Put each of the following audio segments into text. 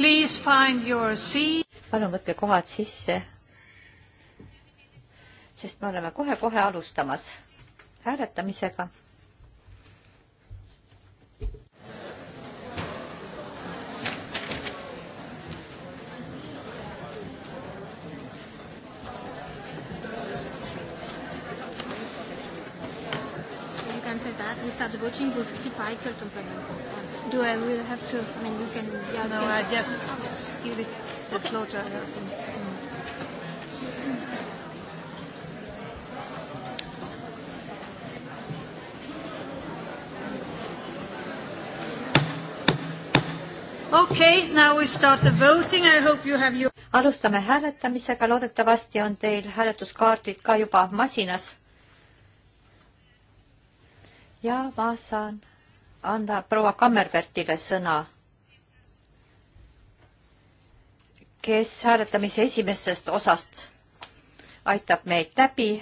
palun võtke kohad sisse, sest me oleme kohe-kohe alustamas hääletamisega we start the voting, we'll 55 till 20. Do I will have to, I mean, you can... Yeah, no, can I just okay. give it the okay. floor to her. Mm. Okay, now we start the voting. I hope you have your... alustame hääletamisega, loodetavasti on teil hääletuskaardid ka juba masinas ja ma saan anda proua Kammerbertile sõna, kes hääletamise esimesest osast aitab meid läbi,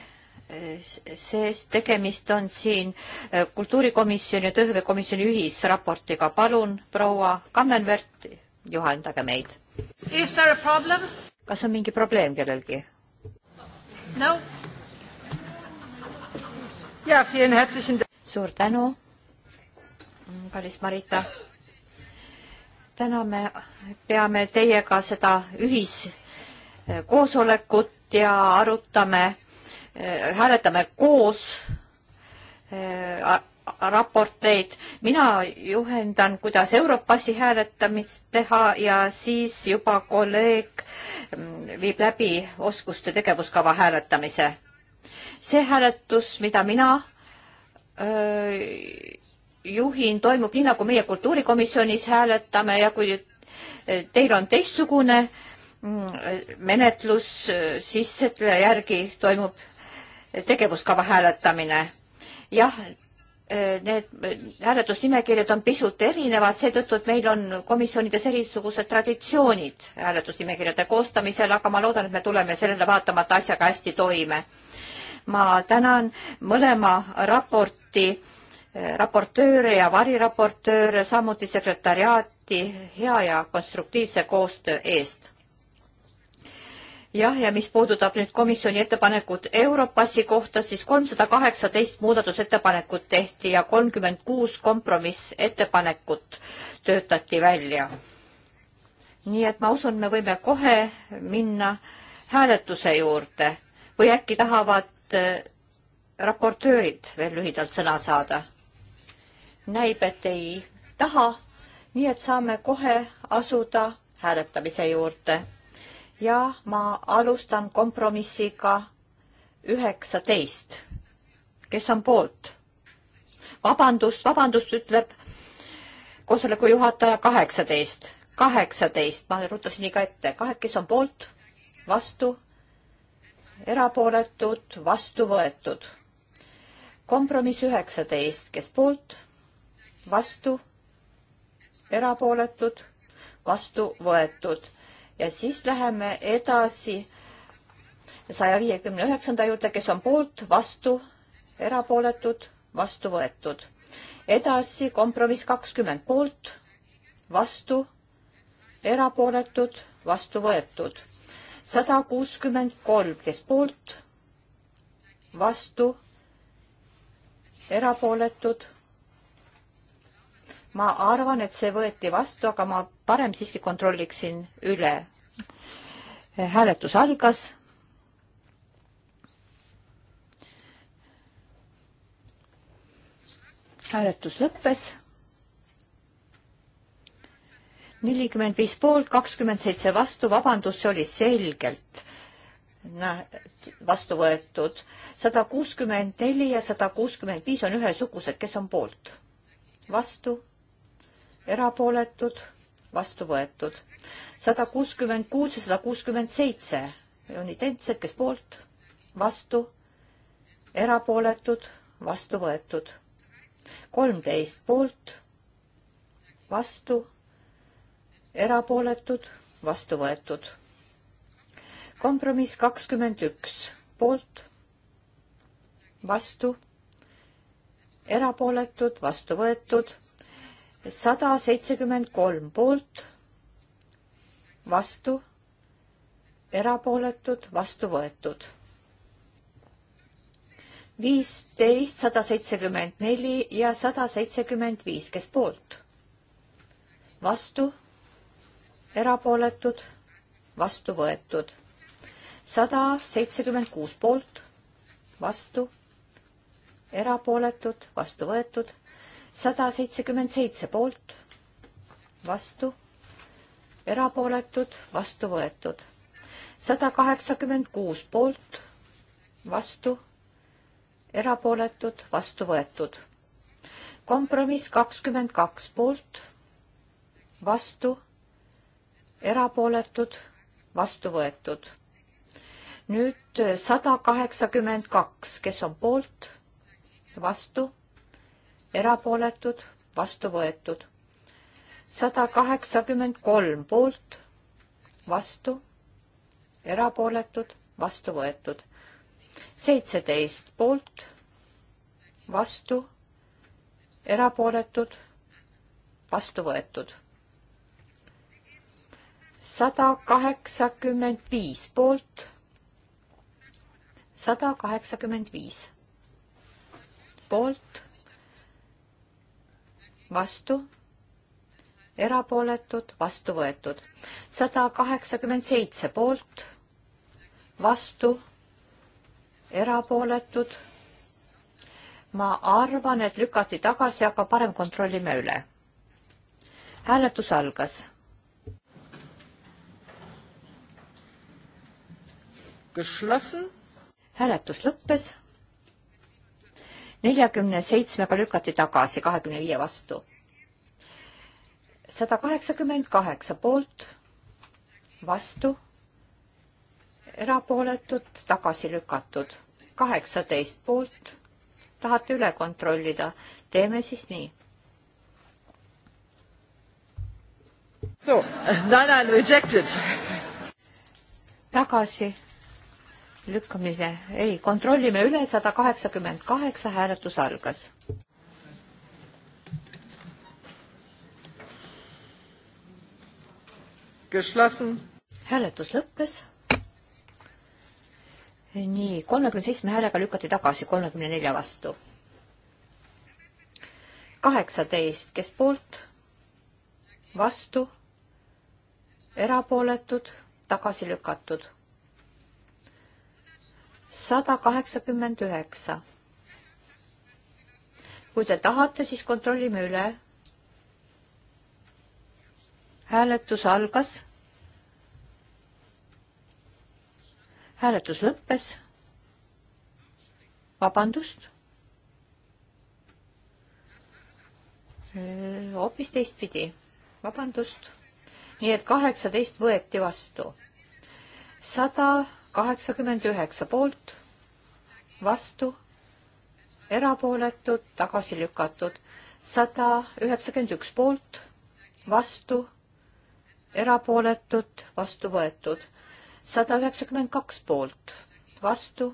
sest tegemist on siin eh, kultuurikomisjoni ja tööhõivekomisjoni ühisraportiga. palun, proua Kammervert, juhendage meid. kas on mingi probleem kellelgi? no. ja, vielen herzlichen Dank suur tänu, kallis Marita. täna me peame teiega seda ühiskoosolekut eh, ja arutame, eh, hääletame koos eh, raporteid. mina juhendan, kuidas Europassi hääletamist teha ja siis juba kolleeg mm, viib läbi oskuste tegevuskava hääletamise. see hääletus, mida mina Äh, juhin toimub nii, nagu meie kultuurikomisjonis hääletame ja kui äh, teil on teistsugune mm, menetlus, äh, siis selle järgi toimub tegevuskava hääletamine. jah, need hääletusnimekirjad on pisut erinevad, seetõttu, et meil on komisjonides erisugused traditsioonid hääletusnimekirjade koostamisel, aga ma loodan, et me tuleme sellele vaatamata asjaga hästi toime ma tänan mõlema raporti eh, raportööre ja variraportööre, samuti sekretariaati hea ja konstruktiivse koostöö eest. jah, ja mis puudutab nüüd komisjoni ettepanekut Europassi kohta, siis kolmsada kaheksateist muudatusettepanekut tehti ja kolmkümmend kuus kompromissettepanekut töötati välja. nii et ma usun, me võime kohe minna hääletuse juurde või äkki tahavad et äh, raportöörid veel lühidalt sõna saada. näib, et ei taha, nii et saame kohe asuda hääletamise juurde. ja ma alustan kompromissiga üheksateist. kes on poolt? vabandust, vabandust, ütleb koosoleku juhataja kaheksateist, kaheksateist, ma rutasin liiga ette, kahe, kes on poolt, vastu, erapooletud, vastu võetud. kompromiss üheksateist, kes poolt, vastu, erapooletud, vastu võetud ja siis läheme edasi saja viiekümne üheksanda juurde, kes on poolt, vastu, erapooletud, vastu võetud. edasi kompromiss kakskümmend poolt, vastu, erapooletud, vastu võetud sada kuuskümmend kolm, kes poolt, vastu, erapooletud. ma arvan, et see võeti vastu, aga ma parem siiski kontrolliksin üle. hääletus algas. hääletus lõppes nelikümmend viis poolt, kakskümmend seitse vastu, vabandust, see oli selgelt vastu võetud. sada kuuskümmend neli ja sada kuuskümmend viis on ühesugused, kes on poolt? vastu, erapooletud, vastu võetud. sada kuuskümmend kuus ja sada kuuskümmend seitse on identsed, kes poolt, vastu, erapooletud, vastu võetud. kolmteist poolt, vastu erapooletud, vastu võetud. kompromiss kakskümmend üks, poolt, vastu, erapooletud, vastu võetud, sada seitsekümmend kolm poolt, vastu, erapooletud, vastu võetud. viisteist, sada seitsekümmend neli ja sada seitsekümmend viis, kes poolt? vastu erapooletud, vastu võetud. sada seitsekümmend kuus poolt, vastu, erapooletud, vastu võetud. sada seitsekümmend seitse poolt, vastu, erapooletud, vastu võetud. sada kaheksakümmend kuus poolt, vastu, erapooletud, vastu võetud kompromiss kakskümmend kaks poolt, vastu erapooletud, vastu võetud. nüüd sada kaheksakümmend kaks, kes on poolt, vastu, erapooletud, vastu võetud. sada kaheksakümmend kolm poolt, vastu, erapooletud, vastu võetud. seitseteist poolt, vastu, erapooletud, vastu võetud sada kaheksakümmend viis poolt, sada kaheksakümmend viis poolt, vastu, erapooletud, vastu võetud, sada kaheksakümmend seitse poolt, vastu, erapooletud. ma arvan, et lükati tagasi, aga parem kontrollime üle. hääletus algas geschlossen. hääletus lõppes. neljakümne seitsmega lükati tagasi, kahekümne viie vastu. sada kaheksakümmend kaheksa poolt, vastu, erapooletud, tagasi lükatud, kaheksateist poolt. tahate üle kontrollida, teeme siis nii So, nine are rejected. tagasi lükkamine, ei, kontrollime üle, sada kaheksakümmend kaheksa hääletus algas. hääletus lõppes. nii, kolmekümne seitsme häälega lükati tagasi, kolmekümne nelja vastu. kaheksateist, kes poolt? vastu? erapooletud? tagasi lükatud sada kaheksakümmend üheksa. kui te tahate, siis kontrollime üle. hääletus algas. hääletus lõppes. vabandust. hoopis teistpidi, vabandust. nii et kaheksateist võeti vastu. sada kaheksakümmend üheksa poolt, vastu, erapooletud, tagasi lükatud. sada üheksakümmend üks poolt, vastu, erapooletud, vastu võetud. sada üheksakümmend kaks poolt, vastu,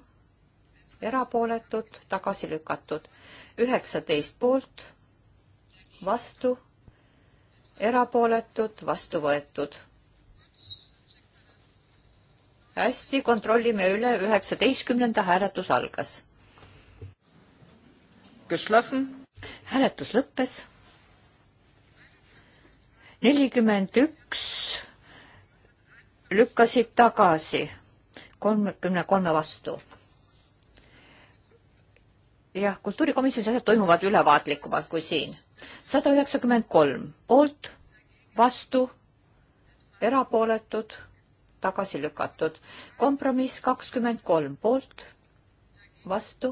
erapooletud, tagasi lükatud. üheksateist poolt, vastu, erapooletud, vastu võetud hästi, kontrollime üle, üheksateistkümnenda hääletus algas. hääletus lõppes. nelikümmend üks lükkasid tagasi kolmekümne kolme vastu. jah, kultuurikomisjonis asjad toimuvad ülevaatlikumalt kui siin. sada üheksakümmend kolm poolt, vastu, erapooletud tagasi lükatud. kompromiss kakskümmend kolm poolt, vastu,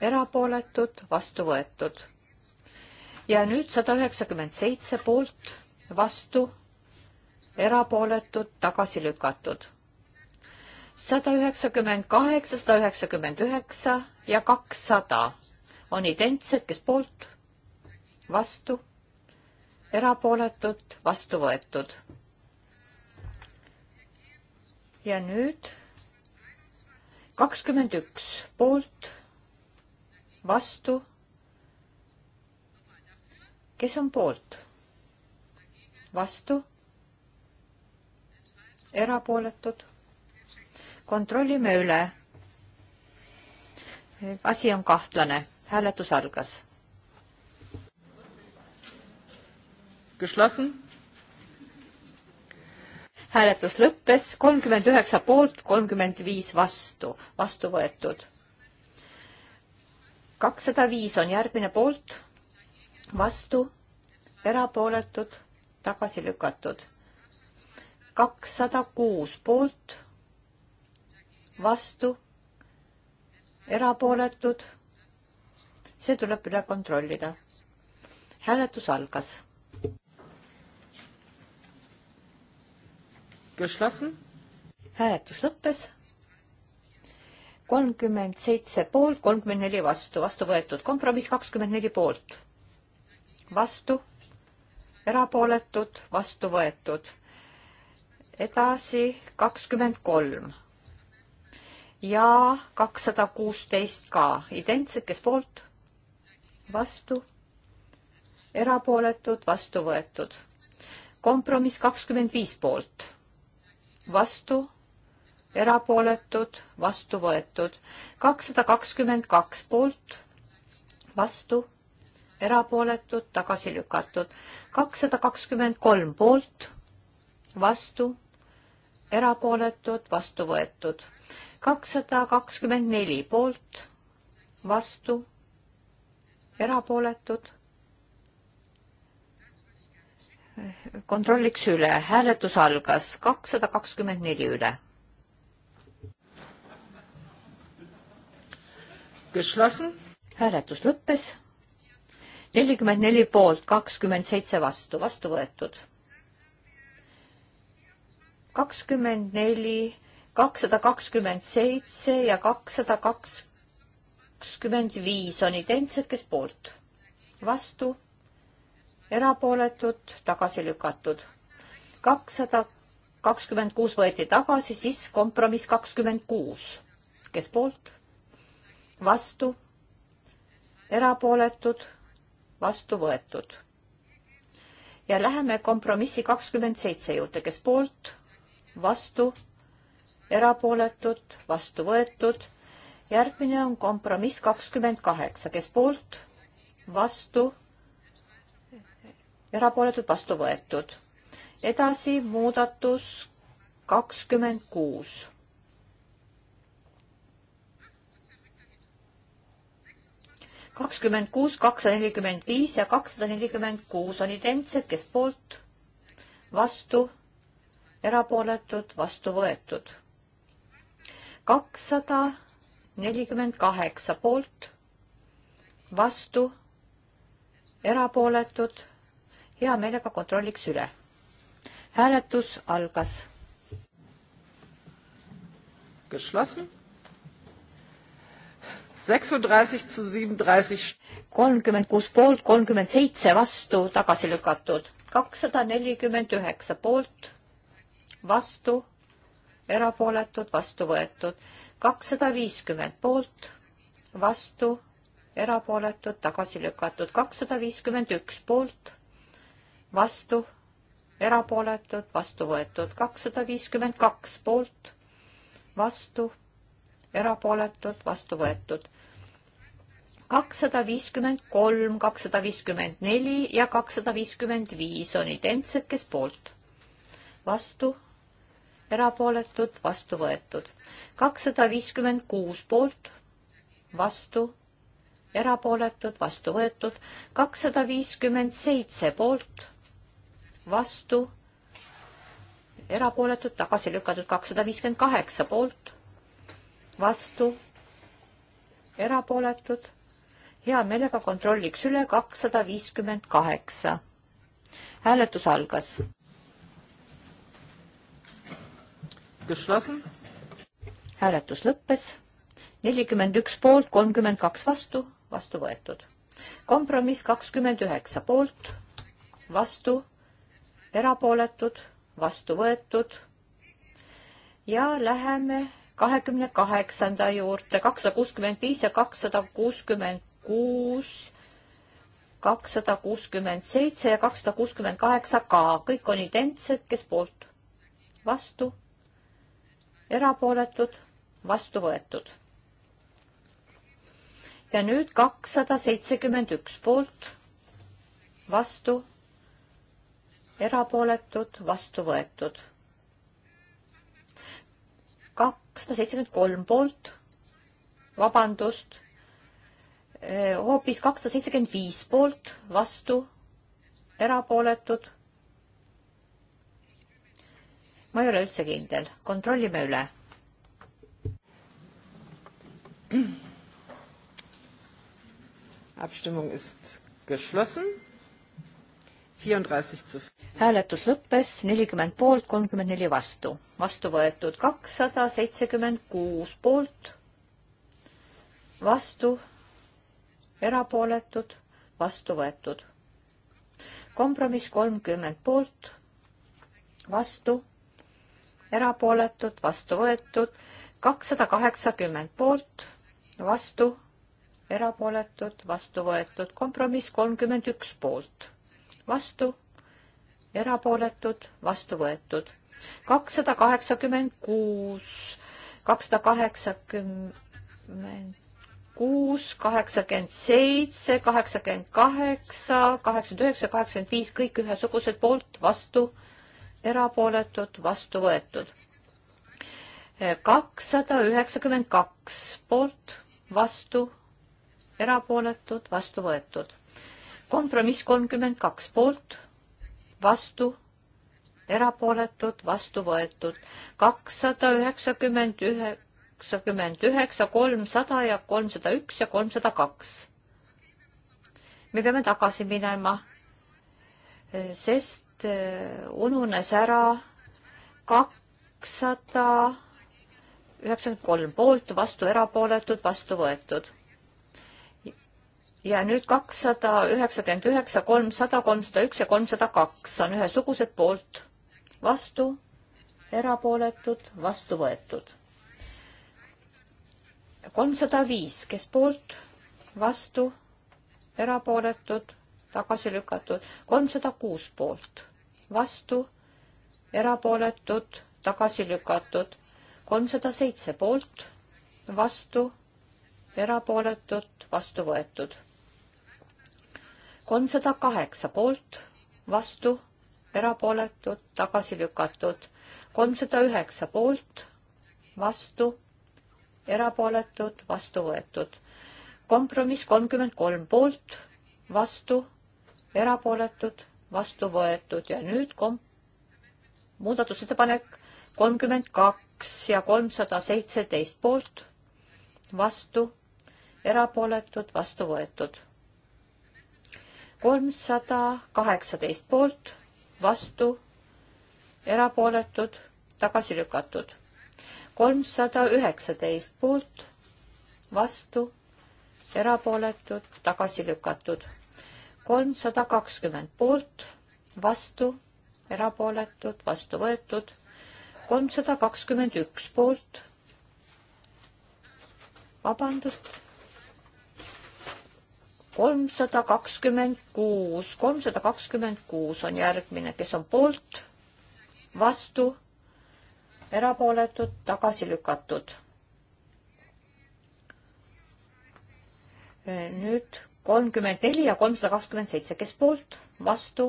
erapooletud, vastu võetud. ja nüüd sada üheksakümmend seitse poolt, vastu, erapooletud, tagasi lükatud. sada üheksakümmend kaheksa, sada üheksakümmend üheksa ja kakssada on identsed, kes poolt, vastu, erapooletud, vastu võetud ja nüüd kakskümmend üks poolt, vastu. kes on poolt? vastu? erapooletud? kontrollime üle. asi on kahtlane, hääletus algas. Geschlossen hääletus lõppes kolmkümmend üheksa poolt, kolmkümmend viis vastu, vastu võetud. kakssada viis on järgmine poolt, vastu, erapooletud, tagasi lükatud. kakssada kuus poolt, vastu, erapooletud. see tuleb üle kontrollida. hääletus algas hääletus lõppes. kolmkümmend seitse poolt, kolmkümmend neli vastu, vastu võetud, kompromiss kakskümmend neli poolt, vastu, erapooletud, vastu võetud. edasi kakskümmend kolm ja kakssada kuusteist ka, identsed, kes poolt, vastu, erapooletud, vastu võetud. kompromiss kakskümmend viis poolt vastu, erapooletud, vastu võetud. kakssada kakskümmend kaks poolt, vastu, erapooletud, tagasi lükatud. kakssada kakskümmend kolm poolt, vastu, erapooletud, vastu võetud. kakssada kakskümmend neli poolt, vastu, erapooletud kontrolliks üle, hääletus algas kakssada kakskümmend neli üle. hääletus lõppes. nelikümmend neli poolt, kakskümmend seitse vastu, vastu võetud. kakskümmend neli, kakssada kakskümmend seitse ja kakssada kakskümmend viis on identsed, kes poolt, vastu erapooletud, tagasi lükatud. kakssada kakskümmend kuus võeti tagasi, siis kompromiss kakskümmend kuus. kes poolt? vastu? erapooletud? vastu võetud. ja läheme kompromissi kakskümmend seitse juurde, kes poolt? vastu? erapooletud? vastu võetud? järgmine on kompromiss kakskümmend kaheksa, kes poolt? vastu? erapooletud vastu võetud. edasi muudatus kakskümmend kuus. kakskümmend kuus, kakssada nelikümmend viis ja kakssada nelikümmend kuus on identsed, kes poolt, vastu, erapooletud, vastu võetud. kakssada nelikümmend kaheksa poolt, vastu, erapooletud hea meelega kontrolliks üle. hääletus algas. Geschlossen. kolmkümmend kuus poolt, kolmkümmend seitse vastu, tagasi lükatud. kakssada nelikümmend üheksa poolt, vastu, erapooletud, vastu võetud. kakssada viiskümmend poolt, vastu, erapooletud, tagasi lükatud. kakssada viiskümmend üks poolt vastu, erapooletud, vastu võetud. kakssada viiskümmend kaks poolt, vastu, erapooletud, vastu võetud kakssada viiskümmend kolm, kakssada viiskümmend neli ja kakssada viiskümmend viis on identsed, kes poolt. vastu, erapooletud, vastu võetud. kakssada viiskümmend kuus poolt, vastu, erapooletud, vastu võetud. kakssada viiskümmend seitse poolt, vastu, erapooletud, tagasi lükatud kakssada viiskümmend kaheksa poolt, vastu, erapooletud. hea meelega kontrolliks üle kakssada viiskümmend kaheksa. hääletus algas. hääletus lõppes nelikümmend üks poolt, kolmkümmend kaks vastu, vastu võetud. kompromiss kakskümmend üheksa poolt, vastu, erapooletud, vastu võetud. ja läheme kahekümne kaheksanda juurde, kakssada kuuskümmend viis ja kakssada kuuskümmend kuus, kakssada kuuskümmend seitse ja kakssada kuuskümmend kaheksa ka, kõik on identsed, kes poolt, vastu, erapooletud, vastu võetud. ja nüüd kakssada seitsekümmend üks poolt, vastu erapooletud, vastu võetud. kakssada seitsekümmend kolm poolt, vabandust, eh, hoopis kakssada seitsekümmend viis poolt, vastu, erapooletud. ma ei ole üldse kindel, kontrollime üle. Abstimmung ist geschlossen hääletus lõppes nelikümmend poolt, kolmkümmend neli vastu. vastu võetud kakssada seitsekümmend kuus poolt, vastu, erapooletud, vastu võetud. kompromiss kolmkümmend poolt, vastu, erapooletud, vastu võetud, kakssada kaheksakümmend poolt, vastu, erapooletud, vastu võetud, kompromiss kolmkümmend üks poolt vastu, erapooletud, vastu võetud. kakssada kaheksakümmend kuus, kakssada kaheksakümmend kuus, kaheksakümmend seitse, kaheksakümmend kaheksa, kaheksakümmend üheksa, kaheksakümmend viis, kõik ühesugused poolt, vastu, erapooletud, vastu võetud. kakssada üheksakümmend kaks poolt, vastu, erapooletud, vastu võetud kompromiss kolmkümmend kaks poolt, vastu, erapooletud, vastu võetud. kakssada üheksakümmend üheksakümmend üheksa, kolmsada ja kolmsada üks ja kolmsada kaks. me peame tagasi minema, sest eh, ununes ära kakssada üheksakümmend kolm poolt, vastu erapooletud, vastu võetud ja nüüd kakssada üheksakümmend üheksa, kolmsada, kolmsada üks ja kolmsada kaks on ühesugused poolt, vastu, erapooletud, vastu võetud. kolmsada viis, kes poolt, vastu, erapooletud, tagasi lükatud, kolmsada kuus poolt, vastu, erapooletud, tagasi lükatud, kolmsada seitse poolt, vastu, erapooletud, vastu võetud kolmsada kaheksa poolt, vastu, erapooletud, tagasi lükatud. kolmsada üheksa poolt, vastu, erapooletud, vastu võetud. kompromiss kolmkümmend kolm poolt, vastu, erapooletud, vastu võetud ja nüüd kom-, muudatusettepanek kolmkümmend kaks ja kolmsada seitseteist poolt, vastu, erapooletud, vastu võetud kolmsada kaheksateist poolt, vastu, erapooletud, tagasi lükatud. kolmsada üheksateist poolt, vastu, erapooletud, tagasi lükatud. kolmsada kakskümmend poolt, vastu, erapooletud, vastu võetud. kolmsada kakskümmend üks poolt. vabandust kolmsada kakskümmend kuus, kolmsada kakskümmend kuus on järgmine, kes on poolt, vastu, erapooletud, tagasi lükatud. nüüd kolmkümmend neli ja kolmsada kakskümmend seitse, kes poolt, vastu,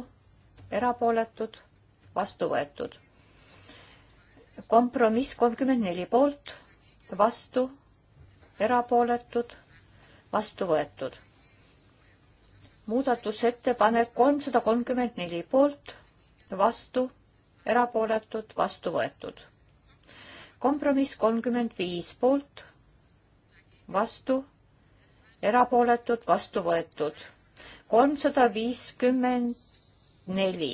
erapooletud, vastu võetud. kompromiss kolmkümmend neli poolt, vastu, erapooletud, vastu võetud muudatusettepanek kolmsada kolmkümmend neli poolt, vastu, erapooletud, vastu võetud. kompromiss kolmkümmend viis poolt, vastu, erapooletud, vastu võetud. kolmsada viiskümmend neli.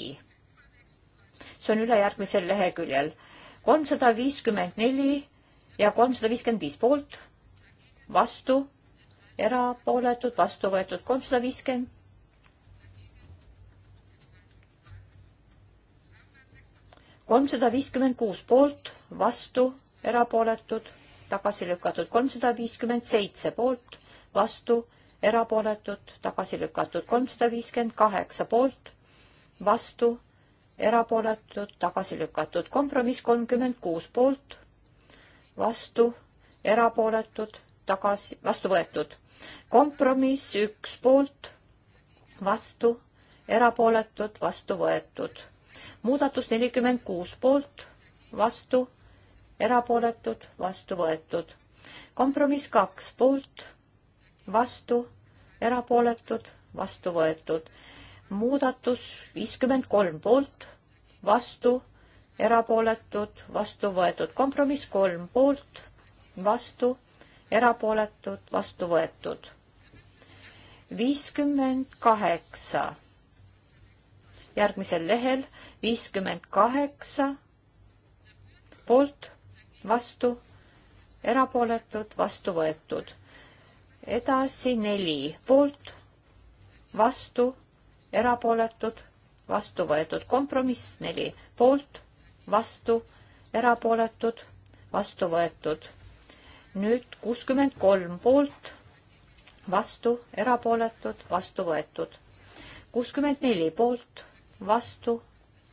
see on ülejärgmisel leheküljel. kolmsada viiskümmend neli ja kolmsada viiskümmend viis poolt, vastu, erapooletud, vastu võetud, kolmsada viiskümmend kolmsada viiskümmend kuus poolt, vastu, erapooletud, tagasi lükatud. kolmsada viiskümmend seitse poolt, vastu, erapooletud, tagasi lükatud. kolmsada viiskümmend kaheksa poolt, vastu, erapooletud, tagasi lükatud. kompromiss kolmkümmend kuus poolt, vastu, erapooletud, tagasi, vastu võetud. kompromiss üks poolt, vastu, erapooletud, vastu võetud muudatus nelikümmend kuus poolt, vastu, erapooletud, vastu võetud. kompromiss kaks poolt, vastu, erapooletud, vastu võetud. muudatus viiskümmend kolm poolt, vastu, erapooletud, vastu võetud. kompromiss kolm poolt, vastu, erapooletud, vastu võetud. viiskümmend kaheksa järgmisel lehel viiskümmend kaheksa poolt, vastu, erapooletud, vastu võetud. edasi neli poolt, vastu, erapooletud, vastu võetud. kompromiss neli poolt, vastu, erapooletud, vastu võetud. nüüd kuuskümmend kolm poolt, vastu, erapooletud, vastu võetud. kuuskümmend neli poolt vastu,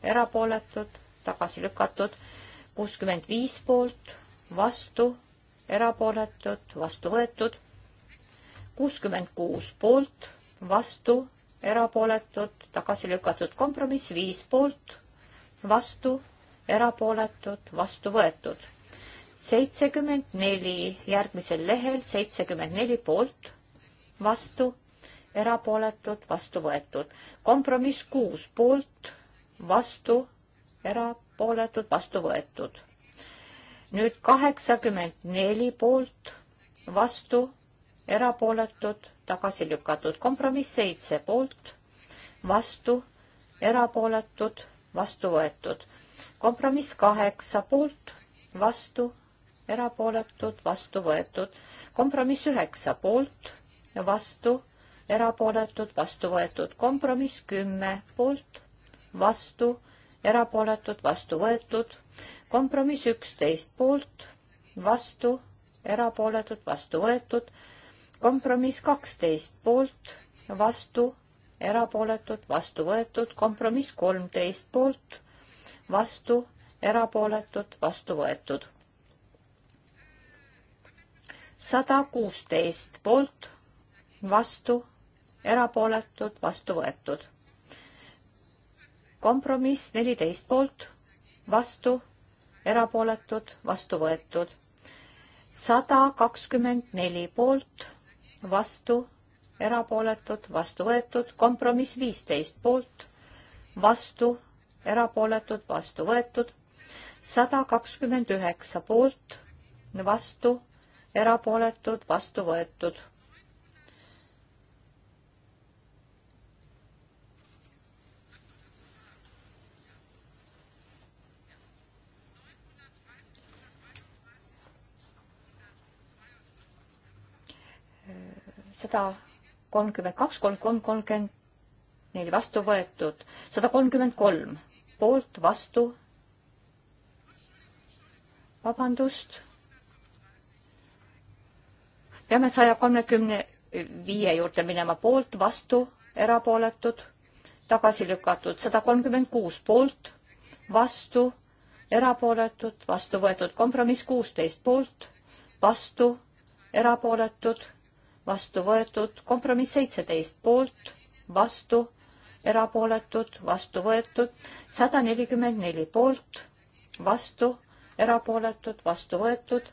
erapooletud, tagasi lükatud, kuuskümmend viis poolt, vastu, erapooletud, vastu võetud, kuuskümmend kuus poolt, vastu, erapooletud, tagasi lükatud, kompromiss viis poolt, vastu, erapooletud, vastu võetud. seitsekümmend neli, järgmisel lehel seitsekümmend neli poolt, vastu erapooletud, vastu võetud. kompromiss kuus poolt, vastu, erapooletud, vastu võetud. nüüd kaheksakümmend neli poolt, vastu, erapooletud, tagasi lükatud. kompromiss seitse poolt, vastu, erapooletud, vastu võetud. kompromiss kaheksa poolt, vastu, erapooletud, vastu võetud. kompromiss üheksa poolt, vastu erapooletud, vastu võetud. kompromiss kümme poolt, vastu, erapooletud, vastu võetud. kompromiss üksteist poolt, vastu, erapooletud, vastu võetud. kompromiss kaksteist poolt, vastu, erapooletud, vastu võetud. kompromiss kolmteist poolt, vastu, erapooletud, vastu võetud sada kuusteist poolt, vastu, erapooletud, vastu võetud. kompromiss neliteist poolt, vastu, erapooletud, vastu võetud. sada kakskümmend neli poolt, vastu, erapooletud, vastu võetud, kompromiss viisteist poolt, vastu, erapooletud, vastu võetud, sada kakskümmend üheksa poolt, vastu, erapooletud, vastu võetud sada kolmkümmend kaks, kolmkümmend kolm, kolmkümmend neli vastu võetud, sada kolmkümmend kolm poolt, vastu. vabandust. peame saja kolmekümne viie juurde minema, poolt, vastu, erapooletud, tagasi lükatud, sada kolmkümmend kuus poolt, vastu, erapooletud, vastu võetud, kompromiss kuusteist poolt, vastu, erapooletud vastu võetud, kompromiss seitseteist poolt, vastu, erapooletud, vastu võetud, sada nelikümmend neli poolt, vastu, erapooletud, vastu võetud,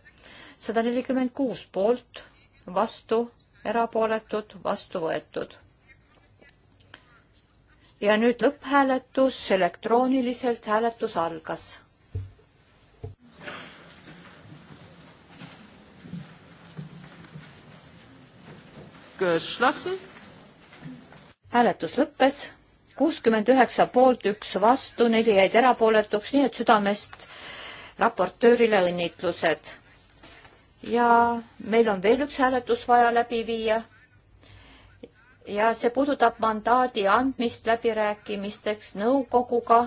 sada nelikümmend kuus poolt, vastu, erapooletud, vastu võetud. ja nüüd lõpphääletus elektrooniliselt, hääletus algas geschlossen. hääletus lõppes, kuuskümmend üheksa poolt, üks vastu, neli jäid erapooletuks, nii et südamest raportöörile õnnitlused. ja meil on veel üks hääletus vaja läbi viia. ja see puudutab mandaadi andmist läbirääkimisteks nõukoguga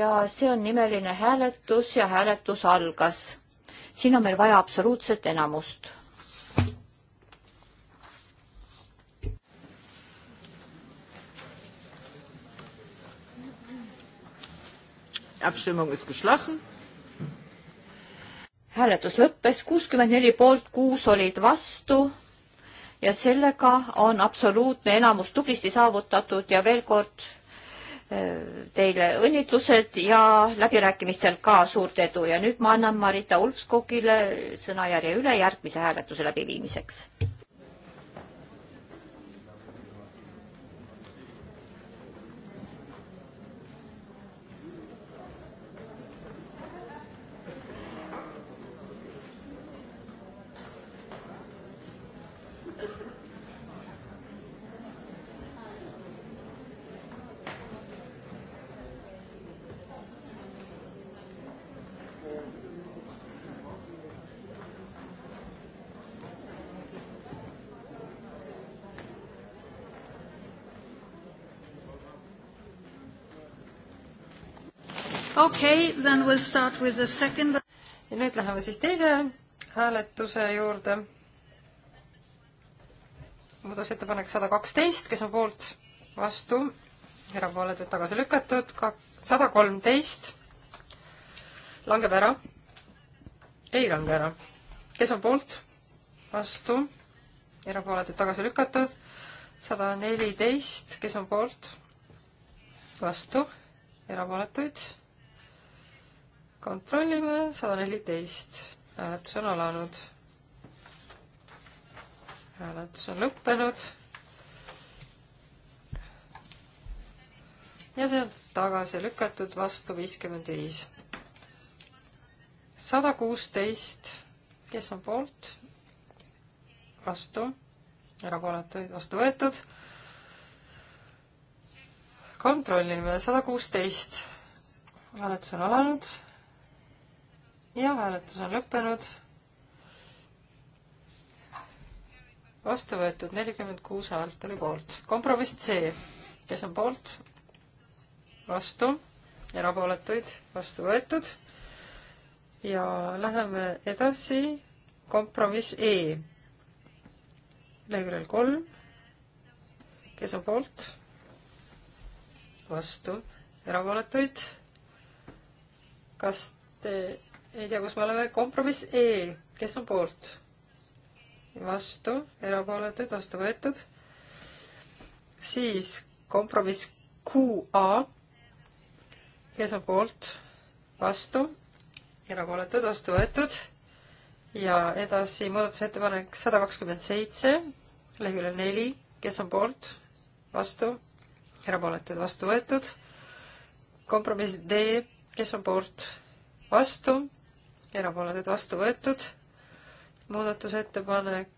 ja see on nimeline hääletus ja hääletus algas siin on meil vaja absoluutset enamust. Abstimmung ist geschlossen hääletus lõppes, kuuskümmend neli poolt, kuus olid vastu ja sellega on absoluutne enamus tublisti saavutatud ja veel kord teile õnnitlused ja läbirääkimistel ka suurt edu ja nüüd ma annan Marita Ulfskogile sõnajärje üle järgmise hääletuse läbiviimiseks. Okay, then we'll start with the second. ja nüüd läheme siis teise hääletuse juurde. muudatusettepanek sada kaksteist, kes on poolt, vastu, erapooletud, tagasi lükatud, sada kolmteist langeb ära. ei lange ära. kes on poolt, vastu, erapooletud, tagasi lükatud, sada neliteist, kes on poolt, vastu, erapooletuid kontrollime, sada neliteist, hääletus on alanud. hääletus on lõppenud. ja see on tagasi lükatud vastu viiskümmend viis. sada kuusteist, kes on poolt? vastu, erapooletuid vastu võetud. kontrollime, sada kuusteist. hääletus on alanud ja hääletus on lõppenud. vastu võetud nelikümmend kuus häält oli poolt. kompromiss C, kes on poolt? vastu, erapooletuid vastu võetud. ja läheme edasi, kompromiss E, leheküljel kolm, kes on poolt? vastu, erapooletuid. kas te ei tea, kus me oleme, kompromiss E, kes on poolt? vastu, erapooletud, vastu võetud. siis kompromiss QA, kes on poolt, vastu, erapooletud, vastu võetud. ja edasi muudatusettepanek sada kakskümmend seitse, leheküljel neli, kes on poolt, vastu, erapooletud, vastu võetud. kompromiss D, kes on poolt, vastu erapooletud vastu võetud. muudatusettepanek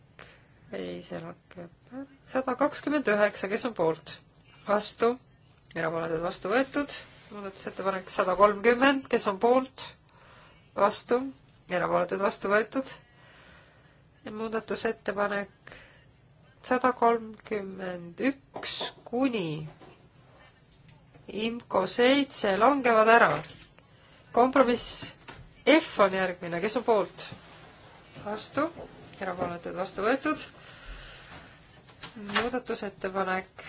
ei, see langeb ära. sada kakskümmend üheksa, kes on poolt? vastu, erapooletud vastu võetud. muudatusettepanek sada kolmkümmend, kes on poolt? vastu, erapooletud vastu võetud. muudatusettepanek sada kolmkümmend üks kuni IMCO seitse langevad ära. kompromiss F on järgmine, kes on poolt? vastu, erapooletud vastu võetud. muudatusettepanek.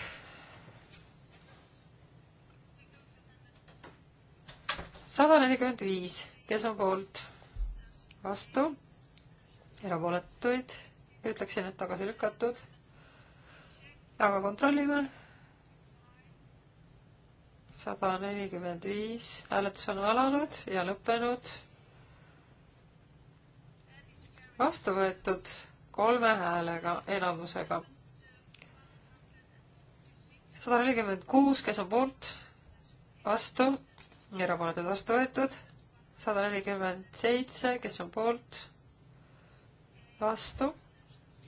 sada nelikümmend viis, kes on poolt? vastu, erapooletuid, ütleksin, et tagasi lükatud. aga kontrollime sada nelikümmend viis, hääletus on alanud ja lõppenud vastu võetud kolme häälega, enamusega. sada nelikümmend kuus, kes on poolt, vastu, erapooletud vastu võetud, sada nelikümmend seitse, kes on poolt, vastu,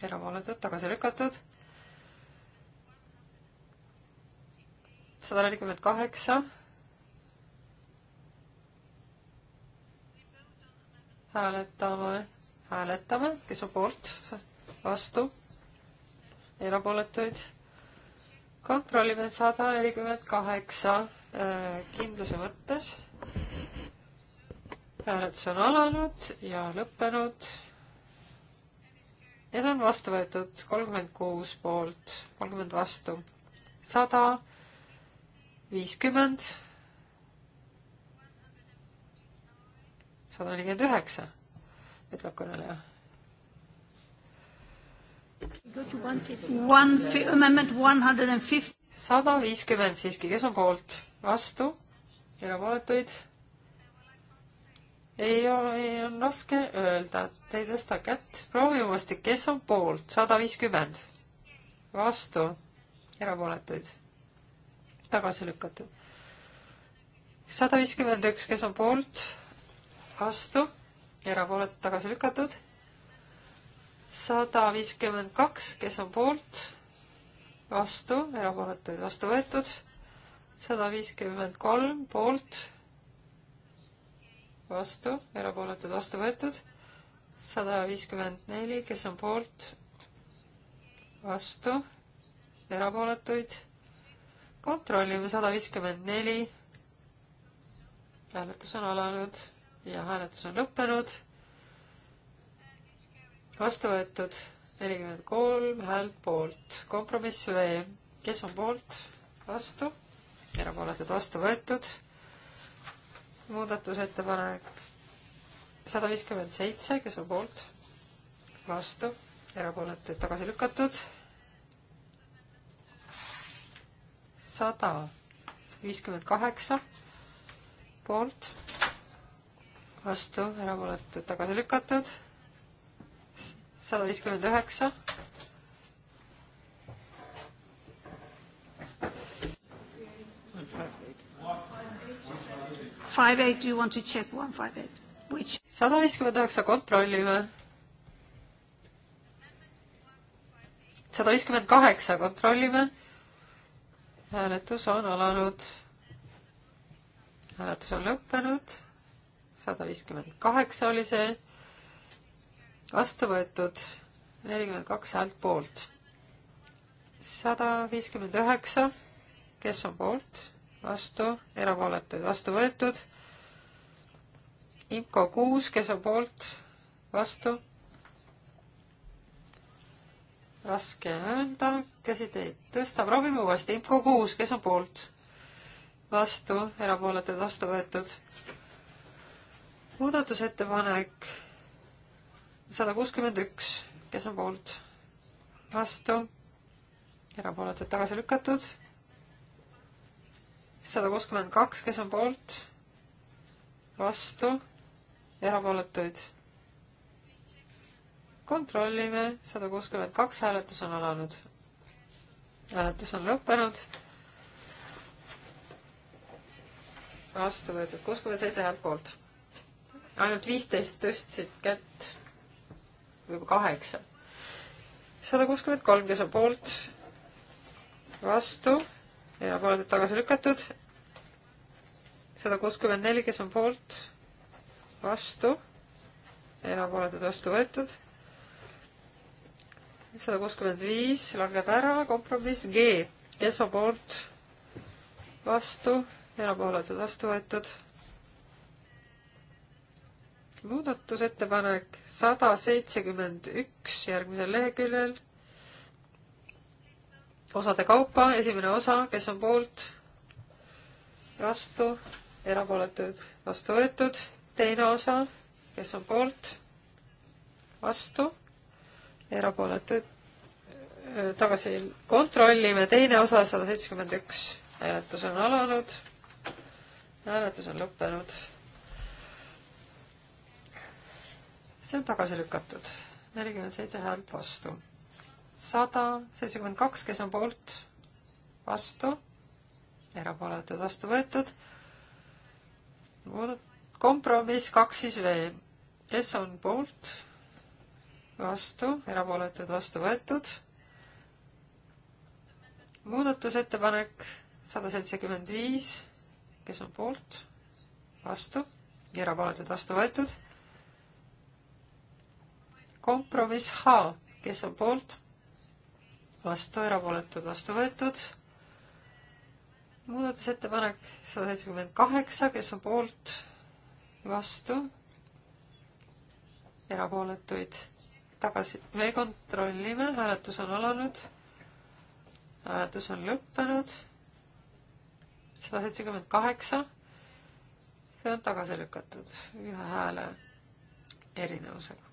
erapooletud tagasi lükatud, sada nelikümmend kaheksa, hääletame hääletame, kes on poolt, vastu, erapooletuid. kontrollime sada nelikümmend kaheksa äh, kindluse mõttes. hääletus on alanud ja lõppenud. Need on vastu võetud kolmkümmend kuus poolt, kolmkümmend vastu, sada viiskümmend, sada nelikümmend üheksa ütleb kõneleja. sada viiskümmend siiski, kes on poolt, vastu, erapooletuid? ei ole, on raske öelda, te ei tõsta kätt, proovime uuesti, kes on poolt, sada viiskümmend, vastu, erapooletuid, tagasi lükatud sada viiskümmend üks, kes on poolt, vastu erapooletud tagasi lükatud. sada viiskümmend kaks, kes on poolt, vastu, erapooletuid vastu võetud. sada viiskümmend kolm poolt, vastu, erapooletuid vastu võetud. sada viiskümmend neli, kes on poolt, vastu, erapooletuid. kontrollime sada viiskümmend neli. hääletus on alanud ja hääletus on lõppenud. vastu võetud nelikümmend kolm häält poolt. kompromiss V, kes on poolt, vastu, erapooletud, vastu võetud. muudatusettepanek sada viiskümmend seitse, kes on poolt, vastu, erapooletud, tagasi lükatud. sada viiskümmend kaheksa poolt vastu, erapooletud, tagasi lükatud. sada viiskümmend üheksa. Five eight, you want to check one five eight, which? sada viiskümmend üheksa, kontrollime. sada viiskümmend kaheksa, kontrollime. hääletus on alanud. hääletus on lõppenud sada viiskümmend kaheksa oli see, vastu võetud nelikümmend kaks häält poolt. sada viiskümmend üheksa, kes on poolt, vastu, erapooletuid vastu võetud. Inko kuus, kes on poolt, vastu. raske öelda, käsid ei tõsta, proovime uuesti, Inko kuus, kes on poolt, vastu, erapooletuid vastu võetud muudatusettepanek sada kuuskümmend üks, kes on poolt? vastu, erapooletud tagasi lükatud. sada kuuskümmend kaks, kes on poolt? vastu, erapooletuid. kontrollime, sada kuuskümmend kaks hääletus on alanud. hääletus on lõppenud vastu võetud kuuskümmend seitse häält poolt ainult viisteist tõstsid kätt, juba kaheksa. sada kuuskümmend kolm, kes on poolt, vastu, erapooletud tagasi lükatud. sada kuuskümmend neli, kes on poolt, vastu, erapooletud vastu võetud. sada kuuskümmend viis langeb ära, kompromiss G, kes on poolt, vastu, erapooletud vastu võetud muudatusettepanek sada seitsekümmend üks järgmisel leheküljel. osade kaupa, esimene osa, kes on poolt, vastu, erapooletud, vastu võetud, teine osa, kes on poolt, vastu, erapooletud, tagasi kontrollime, teine osa sada seitsekümmend üks, hääletus on alanud, hääletus on lõppenud see on tagasi lükatud. nelikümmend seitse häält vastu. sada seitsekümmend kaks, kes on poolt, vastu, erapooletud, vastu võetud. kompromiss kaks siis V, kes on poolt, vastu, erapooletud, vastu võetud. muudatusettepanek sada seitsekümmend viis, kes on poolt, vastu, erapooletud, vastu võetud kompromiss H, kes on poolt, vastu, erapooletud, vastu võetud. muudatusettepanek sada seitsekümmend kaheksa, kes on poolt, vastu, erapooletuid tagasi, me kontrollime, hääletus on alanud, hääletus on lõppenud, sada seitsekümmend kaheksa, see on tagasi lükatud ühe hääle erinevusega.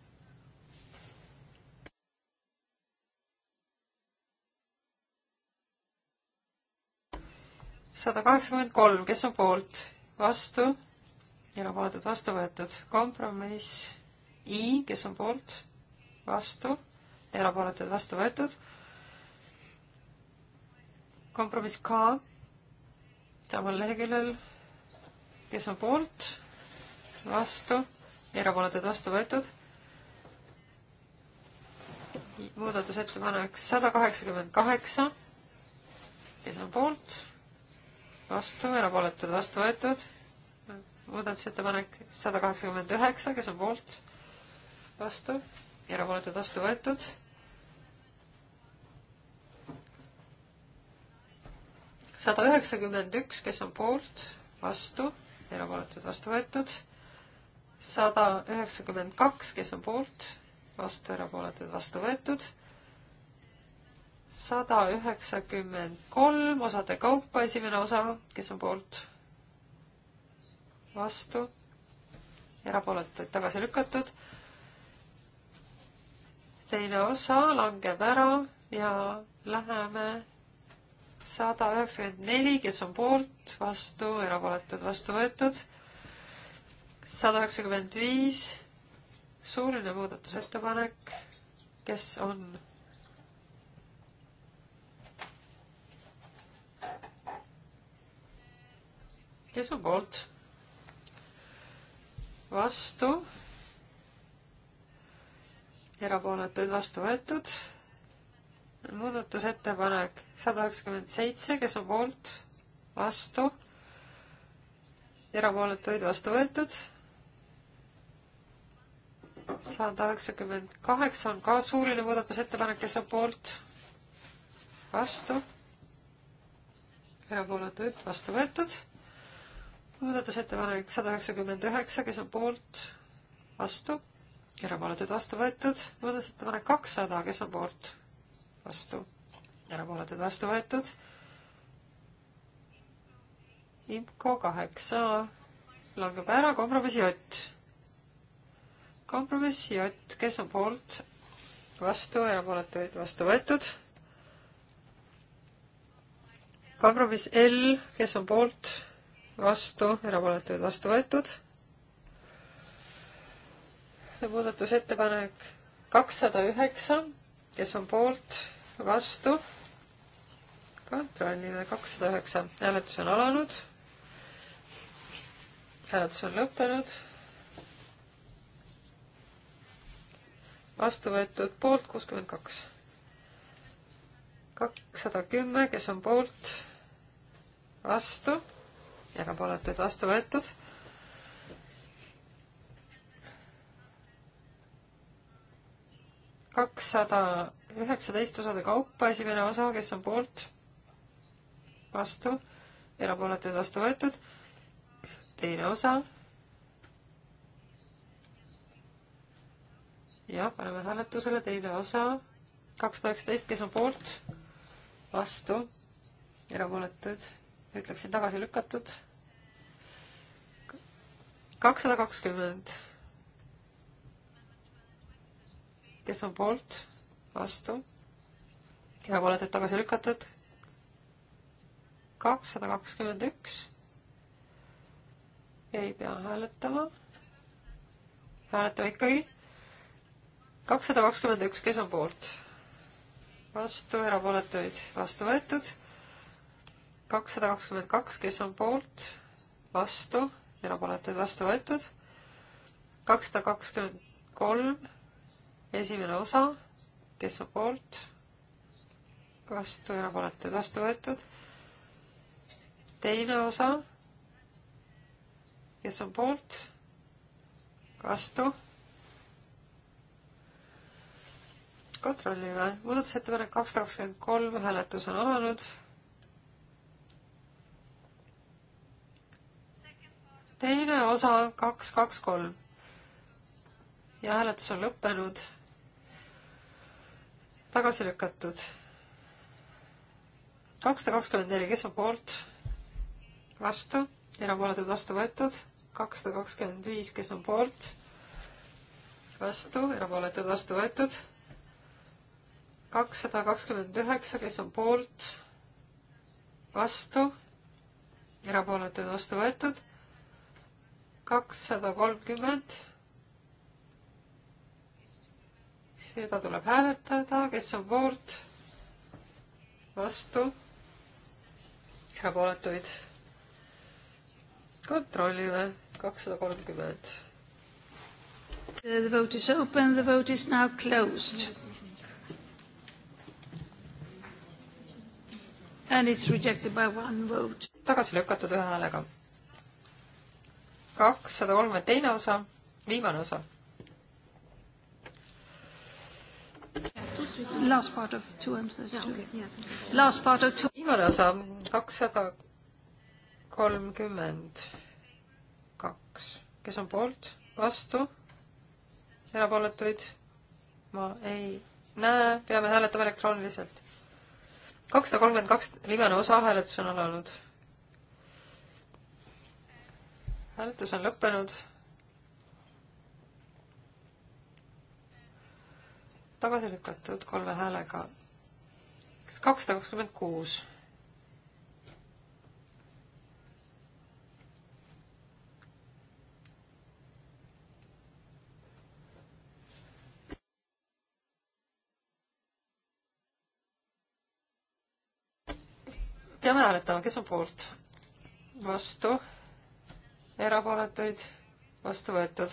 sada kaheksakümmend kolm, kes on poolt, vastu, erapooletud, vastu võetud, kompromiss I, kes on poolt, vastu, erapooletud, vastu võetud, kompromiss K, samal leheküljel, kes on poolt, vastu, erapooletud, vastu võetud, muudatusettepanek sada kaheksakümmend kaheksa, kes on poolt vastu, erapooletud, vastu võetud. muudatusettepanek sada kaheksakümmend üheksa, kes on poolt, vastu, erapooletud, vastu võetud. sada üheksakümmend üks, kes on poolt, vastu, erapooletud, vastu võetud. sada üheksakümmend kaks, kes on poolt, vastu, erapooletud, vastu võetud sada üheksakümmend kolm osade kaupa, esimene osa, kes on poolt, vastu, erapooletuid tagasi lükatud. teine osa langeb ära ja läheme sada üheksakümmend neli, kes on poolt, vastu, erapooletud, vastu võetud. sada üheksakümmend viis, suuline muudatusettepanek, kes on kes on poolt? vastu. erapooletuid vastu võetud. muudatusettepanek sada üheksakümmend seitse, kes on poolt? vastu. erapooletuid vastu võetud. sada üheksakümmend kaheksa on ka suuline muudatusettepanek, kes on poolt? vastu. erapooletuid vastu võetud muudatusettepanek sada üheksakümmend üheksa, kes on poolt, vastu, erapooletud, vastu võetud. muudatusettepanek kakssada, kes on poolt, vastu, erapooletud, vastu võetud. IMCO kaheksa langeb ära, kompromiss J. kompromiss J, kes on poolt, vastu, erapooletuid vastu võetud. kompromiss L, kes on poolt vastu, erapooletuid vastu võetud. muudatusettepanek kakssada üheksa, kes on poolt, vastu. kontrollime, kakssada üheksa, hääletus on alanud. hääletus on lõppenud. vastu võetud poolt kuuskümmend kaks. kakssada kümme, kes on poolt, vastu erapooletuid vastu võetud. kakssada üheksateist osade kaupa, esimene osa, kes on poolt, vastu, erapooletuid vastu võetud. teine osa. jah, paneme hääletusele teine osa, kakssada üheksateist, kes on poolt, vastu, erapooletuid, ütleksin tagasi lükatud kakssada kakskümmend. kes on poolt, vastu, erapooletud tagasi lükatud. kakssada kakskümmend üks. ei pea hääletama. hääletame ikkagi. kakssada kakskümmend üks, kes on poolt? vastu, erapooletuid vastu võetud. kakssada kakskümmend kaks, kes on poolt? vastu erapooletuid vastu võetud. kakssada kakskümmend kolm, esimene osa, kes on poolt, vastu, erapooletuid vastu võetud. teine osa, kes on poolt, vastu. kontrollime, muudatusettepanek kakssada kakskümmend kolm, hääletus on alanud teine osa kaks, kaks, kolm. ja hääletus on lõppenud. tagasi lükatud. kakssada kakskümmend neli, kes on poolt? vastu, erapooletud vastu võetud. kakssada kakskümmend viis, kes on poolt? vastu, erapooletud vastu võetud. kakssada kakskümmend üheksa, kes on poolt? vastu, erapooletud vastu võetud kakssada kolmkümmend. seda tuleb hääletada, kes on poolt, vastu, erapooletuid. kontrollime, kakssada kolmkümmend. The vote is open, the vote is now closed. And it's rejected by one vote. tagasi lükatud ühe häälega kakssada kolmkümmend teine osa, viimane osa. Last part of two M thirty-two. Last part of two. viimane osa kakssada kolmkümmend kaks. kes on poolt, vastu, erapooletuid? ma ei näe, peame hääletama elektrooniliselt. kakssada kolmkümmend kaks, viimane osa hääletus on alanud hääletus on lõppenud. tagasi lükatud kolme häälega. kas kakssada kakskümmend kuus? peame hääletama, kes on poolt, vastu erapooletuid, vastu võetud.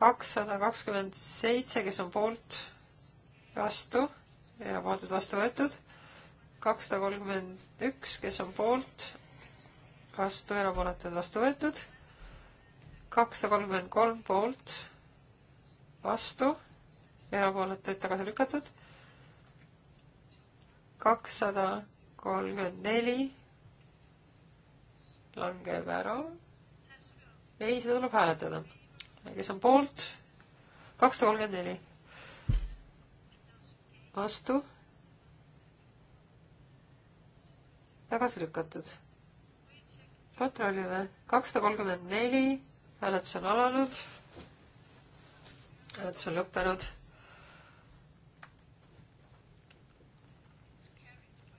kakssada kakskümmend seitse, kes on poolt, vastu, erapooletud, vastu võetud. kakssada kolmkümmend üks, kes on poolt, vastu, erapooletud, vastu võetud. kakssada kolmkümmend kolm poolt, vastu, erapooletuid tagasi lükatud. kakssada kolmkümmend neli langeb ära ei, seda tuleb hääletada. kes on poolt? kakssada kolmkümmend neli. vastu. tagasi lükatud. kontrollime. kakssada kolmkümmend neli. hääletus on alanud. hääletus on lõppenud.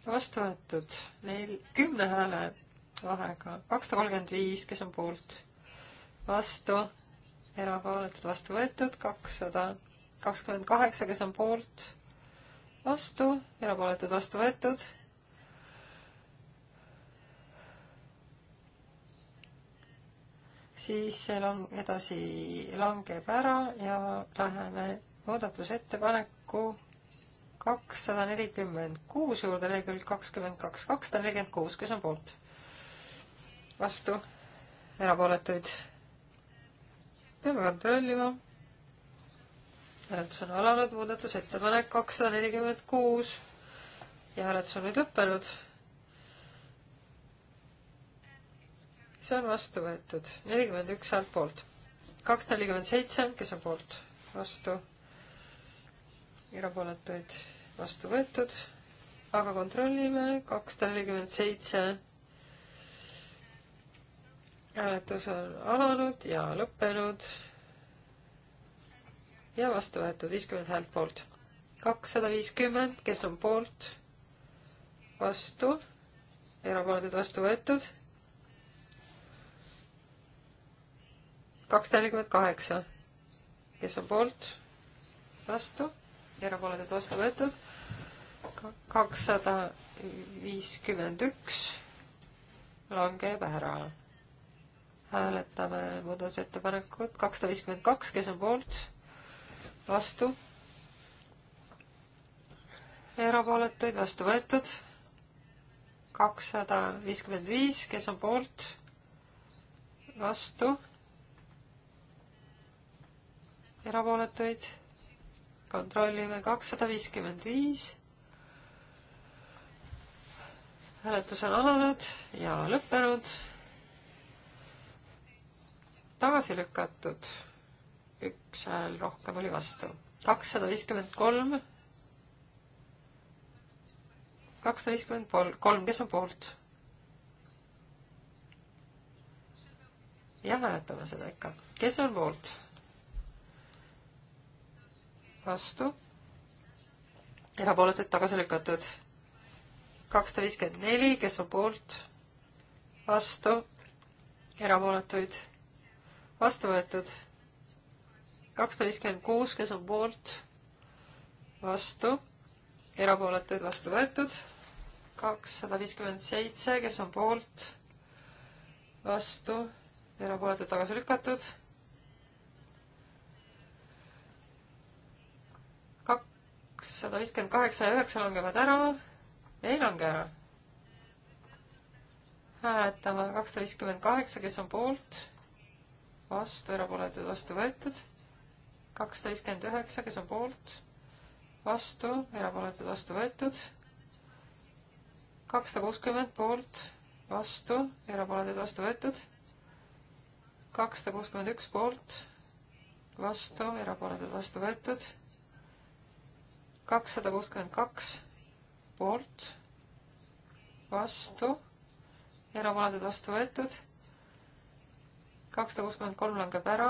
vastu võetud neil kümne hääle vahega. kakssada kolmkümmend viis, kes on poolt vastu, erapooletud vastu võetud, kakssada kakskümmend kaheksa, kes on poolt, vastu, erapooletud vastu võetud. siis see lang-, edasi langeb ära ja läheme muudatusettepaneku kakssada nelikümmend kuus juurde, lehekülg kakskümmend kaks, kakssada nelikümmend kuus, kes on poolt? vastu, erapooletuid peame kontrollima. hääletus on alanud, muudatusettepanek kakssada nelikümmend kuus ja hääletus on nüüd lõppenud. see on vastu võetud, nelikümmend üks häält poolt, kakssada nelikümmend seitse, kes on poolt, vastu, erapooletuid vastu võetud, aga kontrollime, kakssada nelikümmend seitse hääletus on alanud ja lõppenud ja vastu võetud viiskümmend häält poolt. kakssada viiskümmend, kes on poolt, vastu, erapooletud vastu võetud. kakssada nelikümmend kaheksa, kes on poolt, vastu, erapooletud vastu võetud. kakssada viiskümmend üks langeb ära hääletame muudatusettepanekut kakssada viiskümmend kaks, kes on poolt, vastu, erapooletuid, vastu võetud, kakssada viiskümmend viis, kes on poolt, vastu, erapooletuid, kontrollime kakssada viiskümmend viis, hääletus on alanud ja lõppenud tagasi lükatud, üks hääl rohkem oli vastu. kakssada viiskümmend kolm, kakssada viiskümmend kolm, kes on poolt? ja hääletame seda ikka. kes on poolt? vastu? erapooletud tagasi lükatud. kakssada viiskümmend neli, kes on poolt? vastu? erapooletuid vastu võetud. kakssada viiskümmend kuus, kes on poolt, vastu, erapooletuid vastu võetud. kakssada viiskümmend seitse, kes on poolt, vastu, erapooletuid tagasi lükatud. kakssada viiskümmend kaheksa ja üheksa langevad ära. ei lange ära hääletame kakssada viiskümmend kaheksa, kes on poolt, vastu, erapooletud, vastu võetud. kaksteistkümmend üheksa, kes on poolt, vastu, erapooletud, vastu võetud. kakssada kuuskümmend poolt, vastu, erapooletud, vastu võetud. kakssada kuuskümmend üks poolt, vastu, erapooletud, vastu võetud. kakssada kuuskümmend kaks poolt, vastu, erapooletud, vastu võetud kakssada kuuskümmend kolm langeb ära.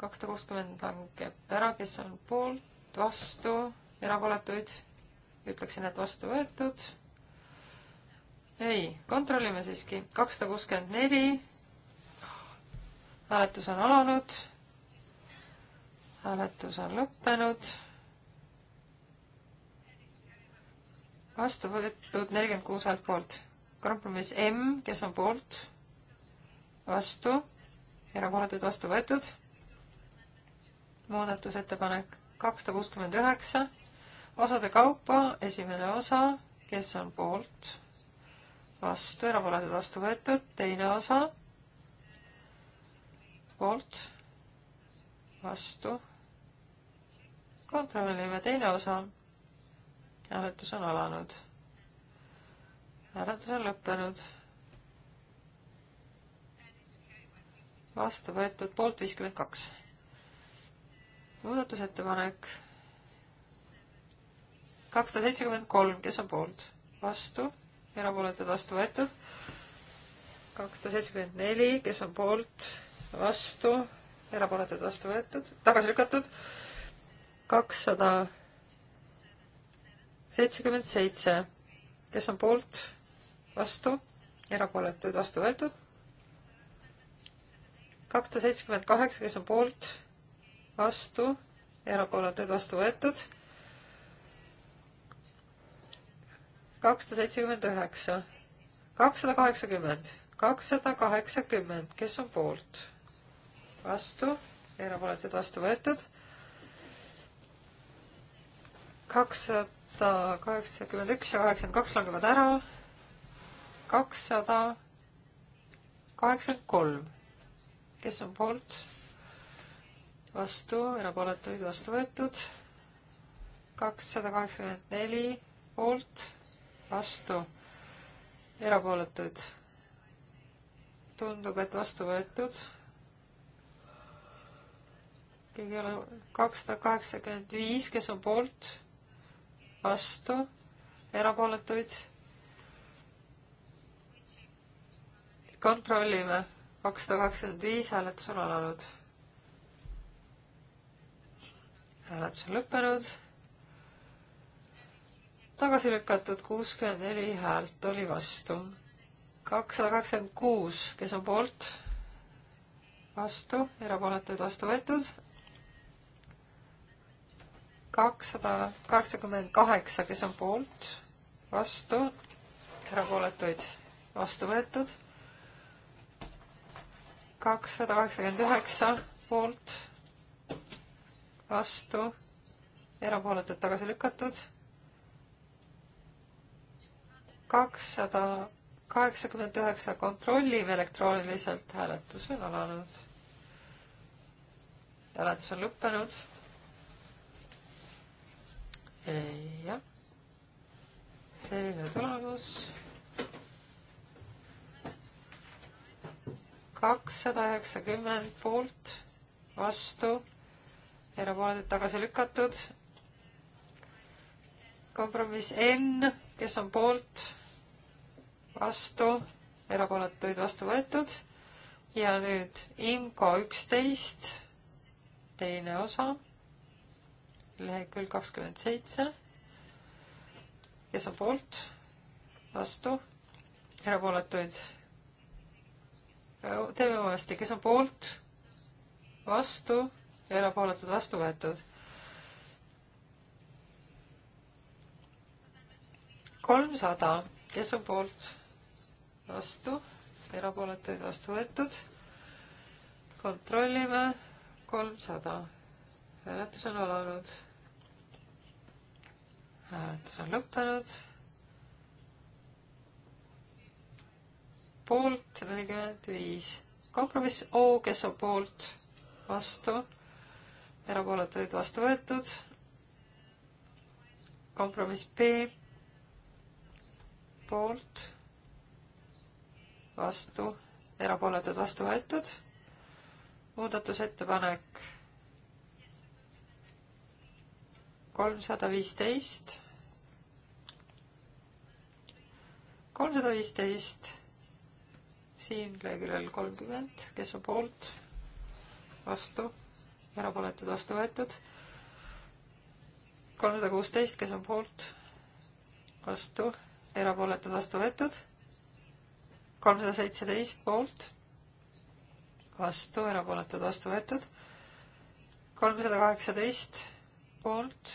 kakssada kuuskümmend langeb ära, kes on poolt, vastu, erapooletuid, ütleksin, et vastu võetud. ei, kontrollime siiski, kakssada kuuskümmend neli. hääletus on alanud. hääletus on lõppenud vastu võetud nelikümmend kuus häält poolt kompromiss M, kes on poolt, vastu, erapooletud, vastu võetud. muudatusettepanek kakssada kuuskümmend üheksa, osade kaupa, esimene osa, kes on poolt, vastu, erapooletud, vastu võetud, teine osa, poolt, vastu, kontrollime teine osa, hääletus on alanud hääletus on lõppenud. vastu võetud poolt viiskümmend kaks. muudatusettepanek kakssada seitsekümmend kolm, kes on poolt? vastu, erapooletud vastu võetud. kakssada seitsekümmend neli, kes on poolt? vastu, erapooletud vastu võetud, tagasi lükatud. kakssada seitsekümmend seitse, kes on poolt? vastu, erapooletud, vastu võetud. kakssada seitsekümmend kaheksa, kes on poolt, vastu, erapooletud, vastu võetud. kakssada seitsekümmend üheksa, kakssada kaheksakümmend, kakssada kaheksakümmend, kes on poolt, vastu, erapooletud, vastu võetud. kakssada kaheksakümmend üks ja kaheksakümmend kaks langevad ära kakssada kaheksakümmend kolm. kes on poolt? vastu, erapooletuid vastu võetud. kakssada kaheksakümmend neli poolt, vastu, erapooletuid. tundub, et vastu võetud. keegi ei ole, kakssada kaheksakümmend viis, kes on poolt, vastu, erapooletuid kontrollime, kakssada kakskümmend viis hääletus on alanud. hääletus on lõppenud. tagasi lükatud kuuskümmend neli häält oli vastu. kakssada kakskümmend kuus, kes on poolt, vastu, erapooletuid vastu võetud. kakssada kaheksakümmend kaheksa, kes on poolt, vastu, erapooletuid vastu võetud kakssada kaheksakümmend üheksa poolt, vastu, erapooletud tagasi lükatud. kakssada kaheksakümmend üheksa, kontrollime elektrooniliselt, hääletus on alanud. hääletus on lõppenud. jah, selline tulemus kakssada üheksakümmend poolt, vastu, erapooletud tagasi lükatud. kompromiss N, kes on poolt, vastu, erapooletuid vastu võetud. ja nüüd IMCO üksteist, teine osa, lehekülg kakskümmend seitse. kes on poolt, vastu, erapooletuid teeme uuesti, kes on poolt, vastu ja erapooletud vastu võetud. kolmsada, kes on poolt, vastu, erapooletuid vastu võetud. kontrollime, kolmsada. hääletus on alanud. hääletus on lõppenud poolt, lõiged viis. kompromiss O, kes on poolt, vastu, erapooletuid vastu võetud. kompromiss B, poolt, vastu, erapooletud vastu võetud. muudatusettepanek kolmsada viisteist, kolmsada viisteist siin leheküljel kolmkümmend, kes on poolt, vastu, erapooletud, vastu võetud. kolmsada kuusteist, kes on poolt, vastu, erapooletud, vastu võetud. kolmsada seitseteist poolt, vastu, erapooletud, vastu võetud. kolmsada kaheksateist poolt,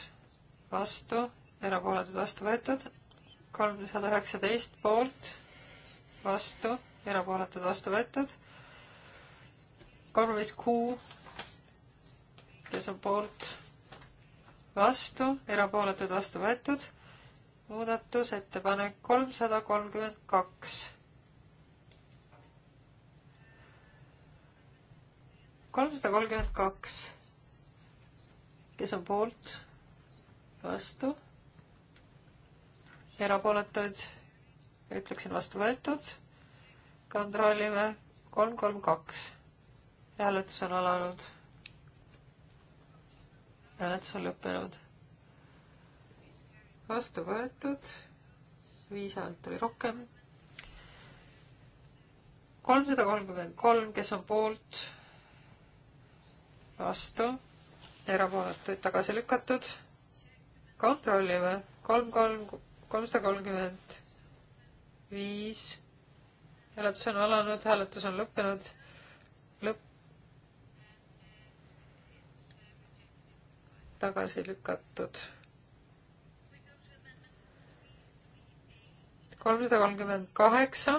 vastu, erapooletud, vastu võetud. kolmsada üheksateist poolt, vastu erapooletud, vastu võetud. kompromiss Q, kes on poolt, vastu, erapooletud, vastu võetud. muudatusettepanek kolmsada kolmkümmend kaks. kolmsada kolmkümmend kaks, kes on poolt, vastu erapooletuid ütleksin vastu võetud kontrollime, kolm, kolm, kaks. hääletus on alanud. hääletus on lõppenud. vastu võetud, viis häält oli rohkem. kolmsada kolmkümmend kolm, kes on poolt, vastu, erapooletuid tagasi lükatud. kontrollime, kolm, kolm, kolmsada kolmkümmend viis hääletus on alanud, hääletus on lõppenud, lõpp. tagasi lükatud. kolmsada kolmkümmend kaheksa,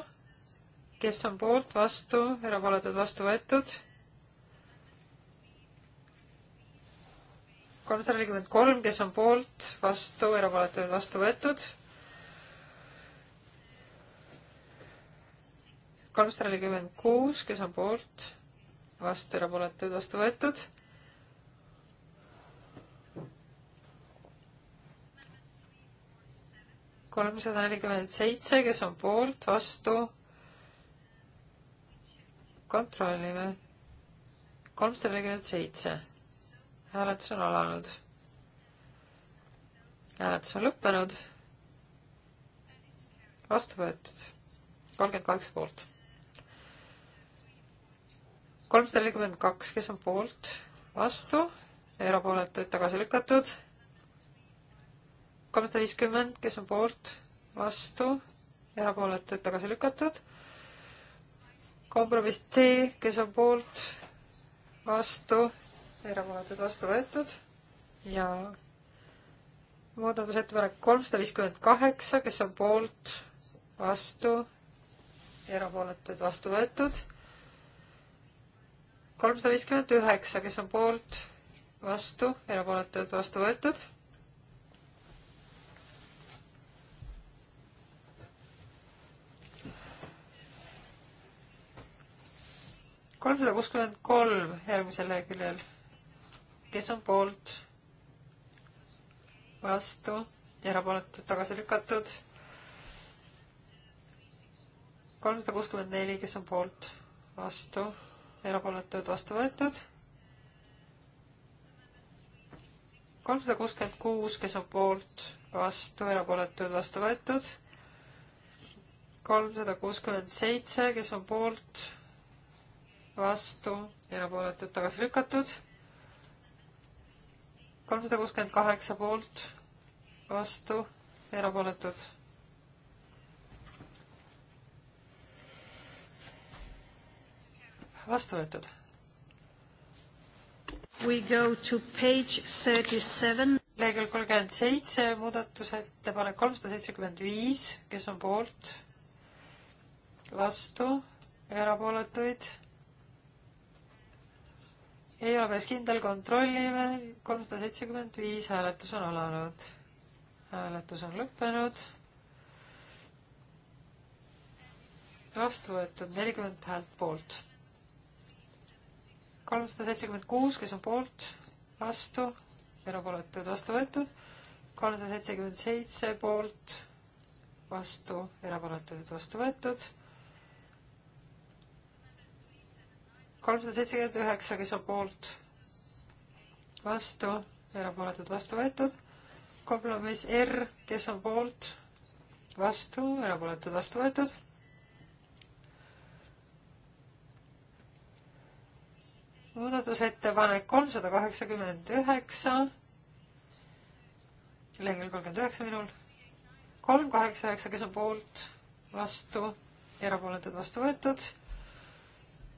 kes on poolt, vastu, erapooletud, vastu võetud. kolmsada nelikümmend kolm, kes on poolt, vastu, erapooletud, vastu võetud kolmsada nelikümmend kuus, kes on poolt, vastu, erapooletud, vastu võetud. kolmsada nelikümmend seitse, kes on poolt, vastu, kontrollime. kolmsada nelikümmend seitse. hääletus on alanud. hääletus on lõppenud. vastu võetud. kolmkümmend kaheksa poolt kolmsada nelikümmend kaks, kes on poolt, vastu, erapooletuid tagasi lükatud. kolmsada viiskümmend, kes on poolt, vastu, erapooletuid tagasi lükatud. kompromiss D, kes on poolt, vastu, erapooletuid vastu võetud ja muudatusettepanek kolmsada viiskümmend kaheksa, kes on poolt, vastu, erapooletuid vastu võetud kolmsada viiskümmend üheksa, kes on poolt, vastu, erapooletud, vastu võetud. kolmsada kuuskümmend kolm järgmisel leheküljel. kes on poolt, vastu, erapooletud, tagasi lükatud? kolmsada kuuskümmend neli, kes on poolt, vastu erapooletud, vastu võetud. kolmsada kuuskümmend kuus, kes on poolt, vastu, erapooletud, vastu võetud. kolmsada kuuskümmend seitse, kes on poolt, vastu, erapooletud, tagasi lükatud. kolmsada kuuskümmend kaheksa poolt, vastu, erapooletud vastu võetud. We go to page thirty seven. lehekülg kolmkümmend seitse, muudatusettepanek kolmsada seitsekümmend viis, kes on poolt, vastu, erapooletuid ei ole päris kindel, kontrollime, kolmsada seitsekümmend viis, hääletus on alanud. hääletus on lõppenud. vastu võetud nelikümmend häält poolt kolmsada seitsekümmend kuus, kes on poolt, vastu, erapooletud, vastu võetud, kolmsada seitsekümmend seitse poolt, vastu, erapooletud, vastu võetud, kolmsada seitsekümmend üheksa, kes on poolt, vastu, erapooletud, vastu võetud, kompromiss R, kes on poolt, vastu, erapooletud, vastu võetud muudatusettepanek kolmsada kaheksakümmend üheksa, lehekülg kolmkümmend üheksa minul, kolm kaheksa üheksa, kes on poolt, vastu, erapooletud, vastu võetud,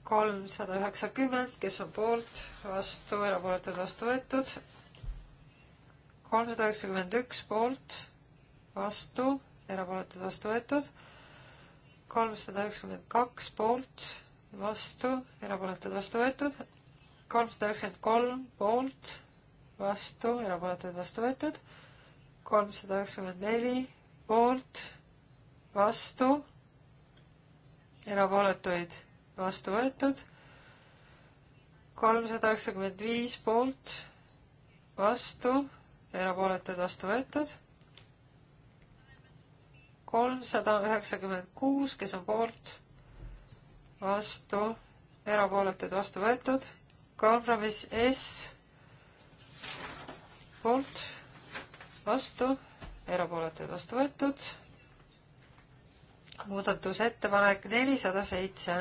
kolmsada üheksakümmend, kes on poolt, vastu, erapooletud, vastu võetud, kolmsada üheksakümmend üks poolt, vastu, erapooletud, vastu võetud, kolmsada üheksakümmend kaks poolt, vastu, erapooletud, vastu võetud, kolmsada üheksakümmend kolm poolt, vastu, erapooletud, vastu võetud. kolmsada üheksakümmend neli poolt, vastu, erapooletuid, vastu võetud. kolmsada üheksakümmend viis poolt, vastu, erapooletuid, vastu võetud kolmsada üheksakümmend kuus, kes on poolt, vastu, erapooletuid vastu võetud kompromiss S poolt, vastu, erapooletud, vastu võetud. muudatusettepanek nelisada seitse.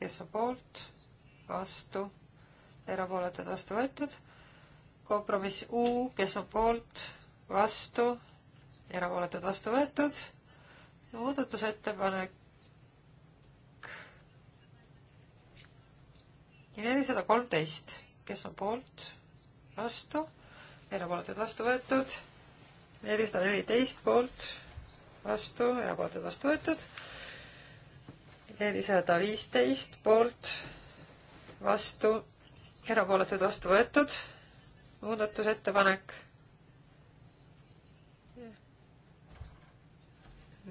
kes on poolt, vastu, erapooletud, vastu võetud. kompromiss U, kes on poolt, vastu, erapooletud, vastu võetud. muudatusettepanek ja nelisada kolmteist, kes on poolt, vastu, erapooletud vastu võetud, nelisada neliteist poolt, vastu, erapooletud vastu võetud, nelisada viisteist poolt, vastu, erapooletud vastu võetud, muudatusettepanek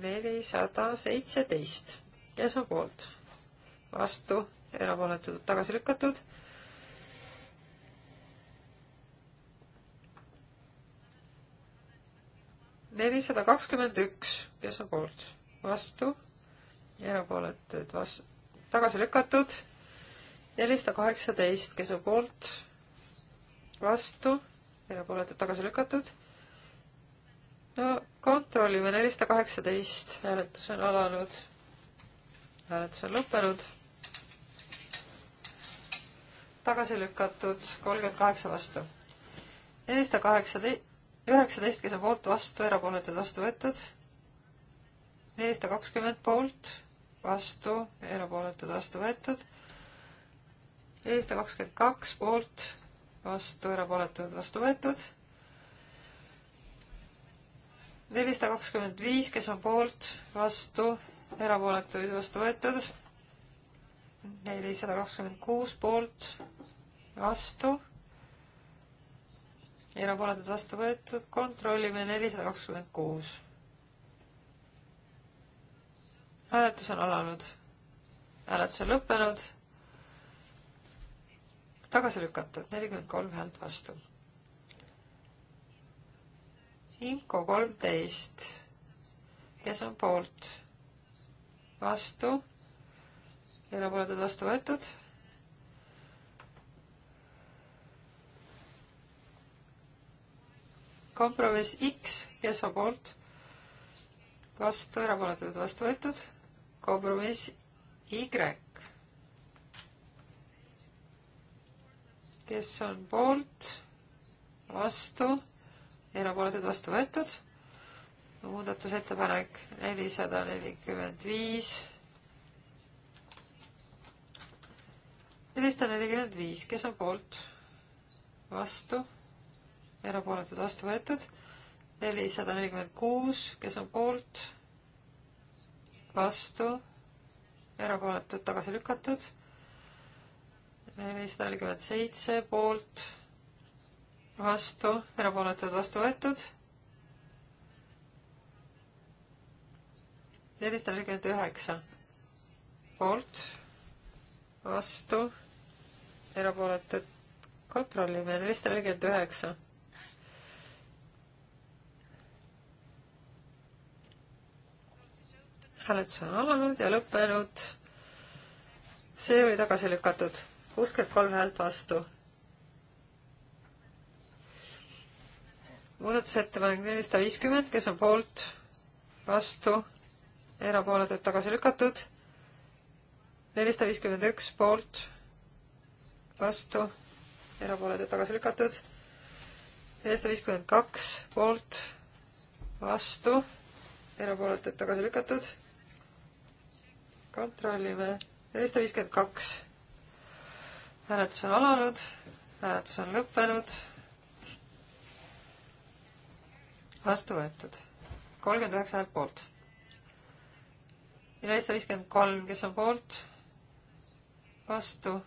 nelisada seitseteist. kes on poolt? vastu, erapooletud tagasi lükatud. nelisada kakskümmend üks, kes on poolt, vastu, erapooletud, vastu, tagasi lükatud. nelisada kaheksateist, kes on poolt, vastu, erapooletud, tagasi lükatud. no kontrollime, nelisada kaheksateist, hääletus on alanud. hääletus on lõppenud tagasi lükatud, kolmkümmend kaheksa vastu. nelisada kaheksateist, üheksateist, kes on poolt, vastu, erapooletud, vastu võetud. nelisada kakskümmend poolt, vastu, erapooletud, vastu võetud. nelisada kakskümmend kaks poolt, vastu, erapooletud, vastu võetud. nelisada kakskümmend viis, kes on poolt, vastu, erapooletuid vastu võetud. nelisada kakskümmend kuus poolt vastu, erapooletud vastu võetud, kontrollime nelisada kakskümmend kuus. hääletus on alanud, hääletus on lõppenud, tagasi lükatud, nelikümmend kolm häält vastu. Inko kolmteist, kes on poolt, vastu, erapooletud vastu võetud kompromiss X, kes on poolt, vastu, erapooletud, vastu võetud, kompromiss Y, kes on poolt, vastu, erapooletud, vastu võetud, muudatusettepanek nelisada nelikümmend viis, nelisada nelikümmend viis, kes on poolt, vastu erapooletud vastu võetud. nelisada nelikümmend kuus, kes on poolt, vastu, erapooletud tagasi lükatud. nelisada nelikümmend seitse poolt, vastu, erapooletud vastu võetud nelisada nelikümmend üheksa. poolt, vastu, erapooletud, kontrollime, nelisada nelikümmend üheksa. hääletus on alanud ja lõppenud. see oli tagasi lükatud, kuuskümmend kolm häält vastu. muudatusettepanek nelisada viiskümmend, kes on poolt, vastu, erapooletud, tagasi lükatud. nelisada viiskümmend üks poolt, vastu, erapooletud, tagasi lükatud. nelisada viiskümmend kaks poolt, vastu, erapooletud, tagasi lükatud kontrollime. nelisada viiskümmend kaks. hääletus on alanud, hääletus on lõppenud. vastu võetud. kolmkümmend üheksa häält poolt. ja nelisada viiskümmend kolm, kes on poolt? vastu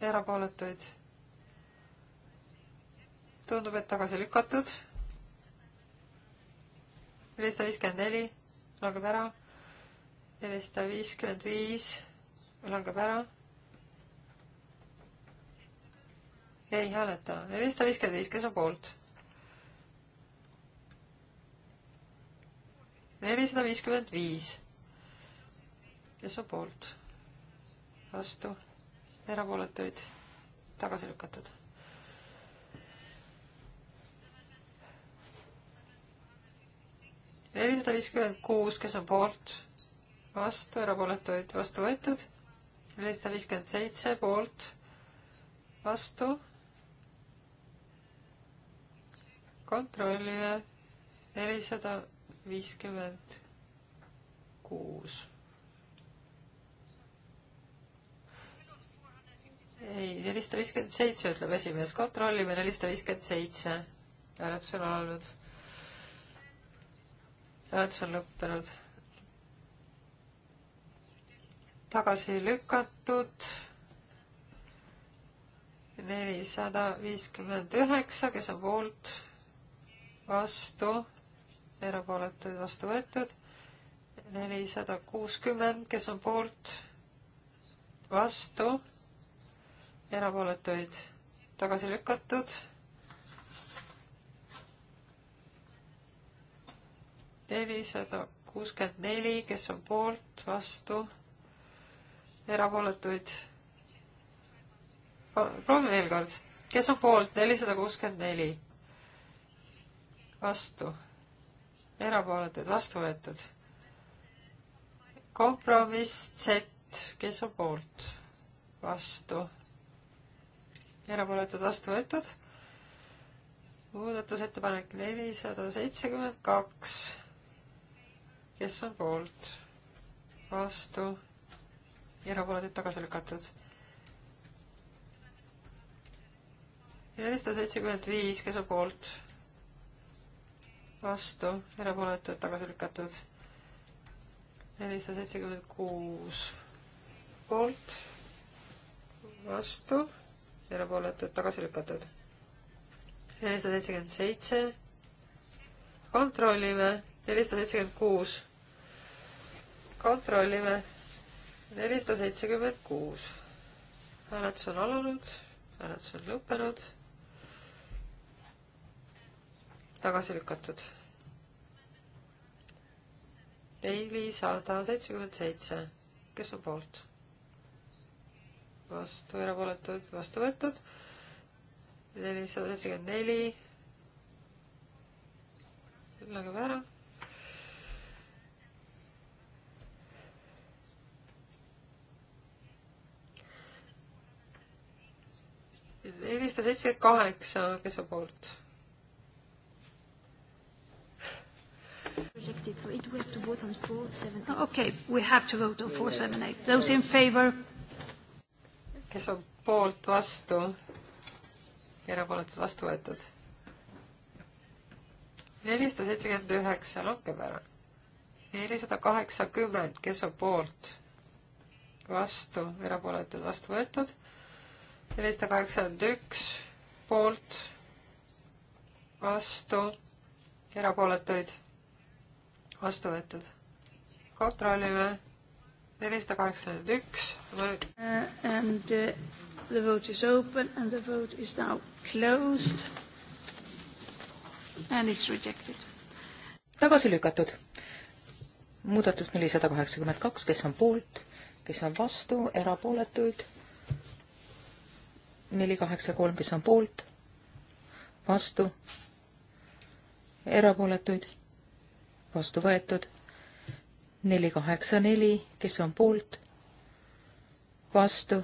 erapooletuid. tundub, et tagasi lükatud. nelisada viiskümmend neli langeb ära nelisada viiskümmend viis langeb ära. ei hääleta, nelisada viiskümmend viis, kes on poolt? nelisada viiskümmend viis, kes on poolt? vastu, erapooletuid tagasi lükatud. nelisada viiskümmend kuus, kes on poolt? vastu, erapooletuid vastu võetud. nelisada viiskümmend seitse poolt, vastu. kontrollime nelisada viiskümmend kuus. ei, nelisada viiskümmend seitse, ütleb esimees, kontrollime nelisada viiskümmend seitse. hääletus on alanud. hääletus on lõppenud tagasi lükatud. nelisada viiskümmend üheksa, kes on poolt, vastu, erapooletuid vastu võetud. nelisada kuuskümmend, kes on poolt, vastu, erapooletuid tagasi lükatud. nelisada kuuskümmend neli, kes on poolt, vastu erapooletuid. proovime veel kord, kes on poolt, nelisada kuuskümmend neli, vastu, erapooletuid, vastu võetud. kompromiss Z, kes on poolt, vastu, erapooletud, vastu võetud. muudatusettepanek nelisada seitsekümmend kaks, kes on poolt, vastu erapooletud tagasi lükatud. nelisada seitsekümmend viis, kes on poolt, vastu, erapooletud tagasi lükatud. nelisada seitsekümmend kuus poolt, vastu, erapooletud tagasi lükatud. nelisada seitsekümmend seitse, kontrollime, nelisada seitsekümmend kuus, kontrollime nelisada seitsekümmend kuus. hääletus on alanud, hääletus on lõppenud. tagasi lükatud. nelisada seitsekümmend seitse, kes on poolt? vastu, erapooletud, vastu võetud. nelisada seitsekümmend neli. langeb ära nelisada seitsekümmend kaheksa, kes on poolt? Rejected, so it, we have to vote on four seven eight. Okay, we have to vote on four seven eight. Those in favor? kes on poolt, vastu? erapooletud, vastu võetud. nelisada seitsekümmend üheksa, langeb ära. nelisada kaheksakümmend, kes on poolt? vastu, erapooletud, vastu võetud nelisada kaheksakümmend üks poolt, vastu, erapooletuid, vastu võetud. kontrollime, nelisada kaheksakümmend üks. Uh, and uh, the vote is open and the vote is now closed and it's rejected. tagasi lükatud. muudatus nelisada kaheksakümmend kaks, kes on poolt, kes on vastu, erapooletuid neli, kaheksa, kolm, kes on poolt, vastu, erapooletuid, vastu võetud, neli, kaheksa, neli, kes on poolt, vastu.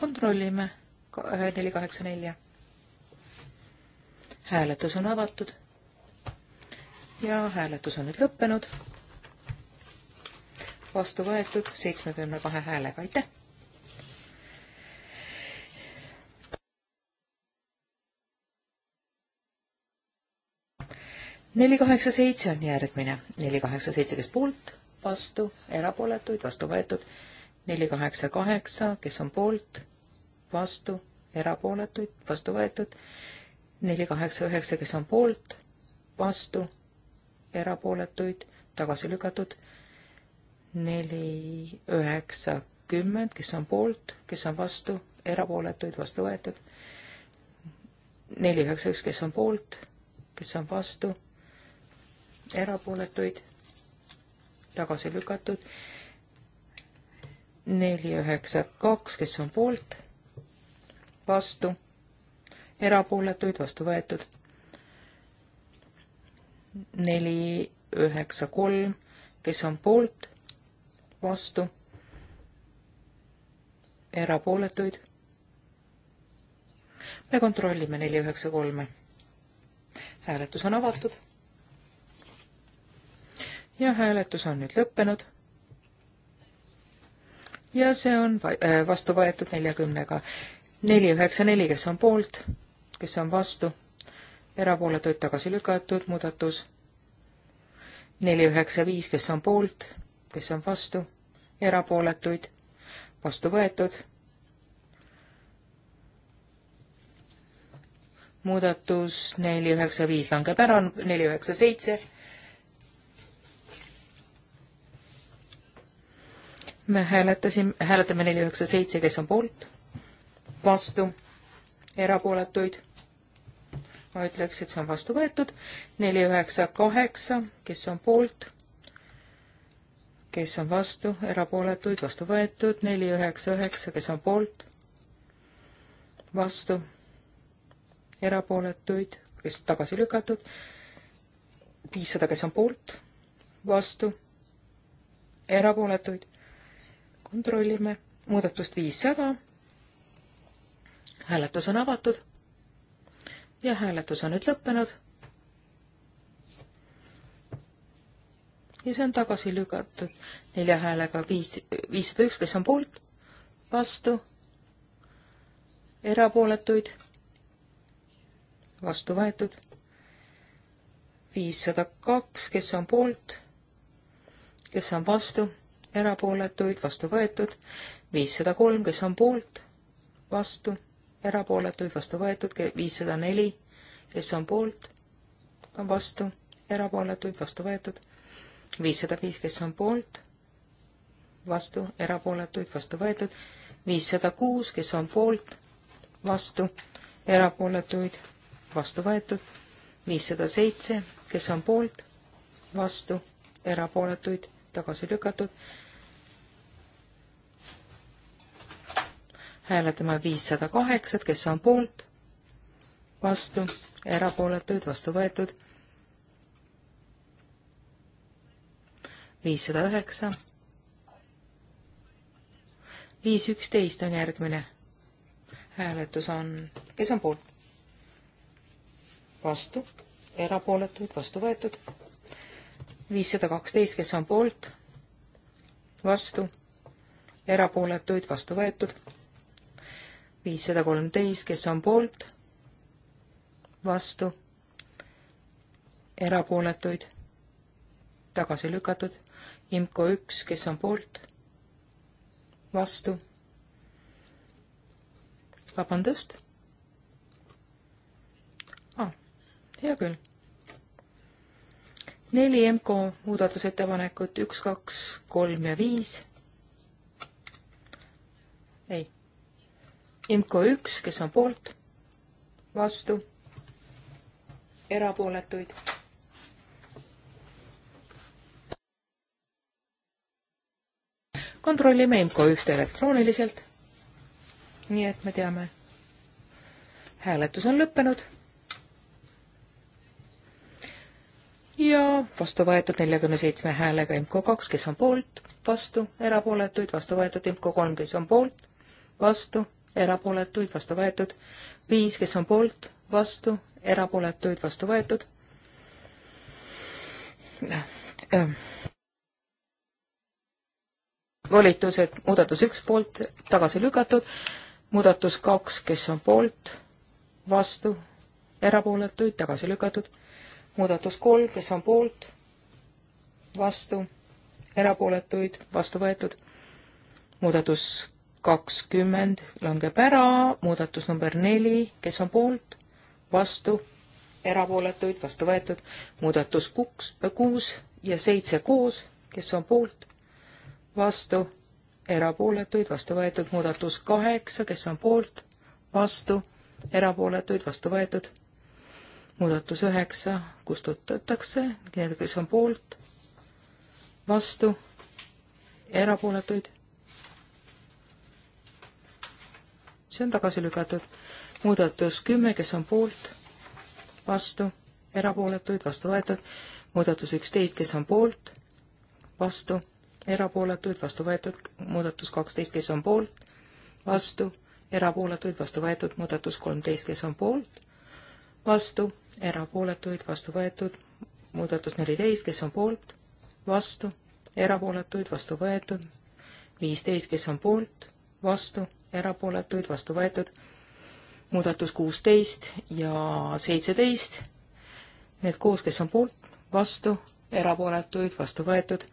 kontrollime neli, kaheksa, nelja. hääletus on avatud ja hääletus on nüüd lõppenud vastu võetud seitsmekümne kahe häälega, aitäh! neli kaheksa seitse on järgmine, neli kaheksa seitse, kes poolt, vastu, erapooletuid, vastu võetud, neli kaheksa kaheksa, kes on poolt, vastu, erapooletuid, vastu võetud, neli kaheksa üheksa, kes on poolt, vastu, erapooletuid, tagasi lükatud neli, üheksakümmend, kes on poolt, kes on vastu, erapooletuid vastu võetud. neli, üheksa, üks, kes on poolt, kes on vastu, erapooletuid tagasi lükatud. neli, üheksa, kaks, kes on poolt, vastu, erapooletuid vastu võetud. neli, üheksa, kolm, kes on poolt vastu, erapooletuid. me kontrollime neli üheksa kolme. hääletus on avatud. ja hääletus on nüüd lõppenud. ja see on äh, vastu võetud neljakümnega. neli üheksa neli, kes on poolt, kes on vastu, erapooletuid tagasi lükatud, muudatus neli üheksa viis, kes on poolt kes on vastu, erapooletuid, vastu võetud. muudatus neli üheksa viis langeb ära, neli üheksa seitse. me hääletasime, hääletame neli üheksa seitse, kes on poolt, vastu, erapooletuid ma ütleks, et see on vastu võetud, neli üheksa kaheksa, kes on poolt, kes on vastu, erapooletuid, vastu võetud, neli, üheksa, üheksa, kes on poolt, vastu, erapooletuid, kes tagasi lükatud, viissada, kes on poolt, vastu, erapooletuid, kontrollime, muudatust viissada, hääletus on avatud ja hääletus on nüüd lõppenud ja see on tagasi lükatud nelja häälega viis, viissada üks, kes on poolt, vastu, erapooletuid, vastu võetud, viissada kaks, kes on poolt, kes on vastu, erapooletuid, vastu võetud, viissada kolm, kes on poolt, vastu, erapooletuid, vastu võetud, viissada neli, kes on poolt, on vastu, erapooletuid, vastu võetud viissada viis, kes on poolt, vastu, erapooletuid, vastu võetud, viissada kuus, kes on poolt, vastu, erapooletuid, vastu võetud, viissada seitse, kes on poolt, vastu, erapooletuid, tagasi lükatud. hääletame viissada kaheksat, kes on poolt, vastu, erapooletuid, vastu võetud viissada üheksa. viis üksteist on järgmine. hääletus on, kes on poolt? vastu, erapooletuid, vastu võetud. viissada kaksteist, kes on poolt? vastu, erapooletuid, vastu võetud. viissada kolmteist, kes on poolt? vastu, erapooletuid, tagasi lükatud IMCO üks, kes on poolt, vastu. vabandust ah,. hea küll. neli IMCO muudatusettepanekut, üks, kaks, kolm ja viis. ei. IMCO üks, kes on poolt, vastu, erapooletuid kontrollime IMCO ühte elektrooniliselt. nii et me teame. hääletus on lõppenud. ja vastu võetud neljakümne seitsme häälega IMCO kaks, kes on poolt, vastu, erapooletuid, vastu võetud IMCO kolm, kes on poolt, vastu, erapooletuid, vastu võetud viis, kes on poolt, vastu, erapooletuid, vastu võetud äh, äh volitused, muudatus üks poolt tagasi lükatud, muudatus kaks, kes on poolt, vastu, erapooletuid tagasi lükatud, muudatus kolm, kes on poolt, vastu, erapooletuid vastu võetud, muudatus kakskümmend langeb ära, muudatus number neli, kes on poolt, vastu, erapooletuid vastu võetud, muudatus kuks, kuus ja seitse koos, kes on poolt, vastu, erapooletuid, vastu võetud, muudatus kaheksa, kes on poolt, vastu, erapooletuid, vastu võetud, muudatus üheksa, kustutatakse, need, kes on poolt, vastu, erapooletuid, see on tagasi lükatud, muudatus kümme, kes on poolt, vastu, erapooletuid, vastu võetud, muudatus üksteist, kes on poolt, vastu erapooletuid, vastu võetud, muudatus kaksteist, kes on poolt, vastu, erapooletuid, vastu võetud, muudatus kolmteist, kes on poolt, vastu, erapooletuid, vastu võetud, muudatus neliteist, kes on poolt, vastu, erapooletuid, vastu võetud, viisteist, kes on poolt, vastu, erapooletuid, vastu võetud, muudatus kuusteist ja seitseteist, need koos, kes on poolt, vastu, erapooletuid, vastu võetud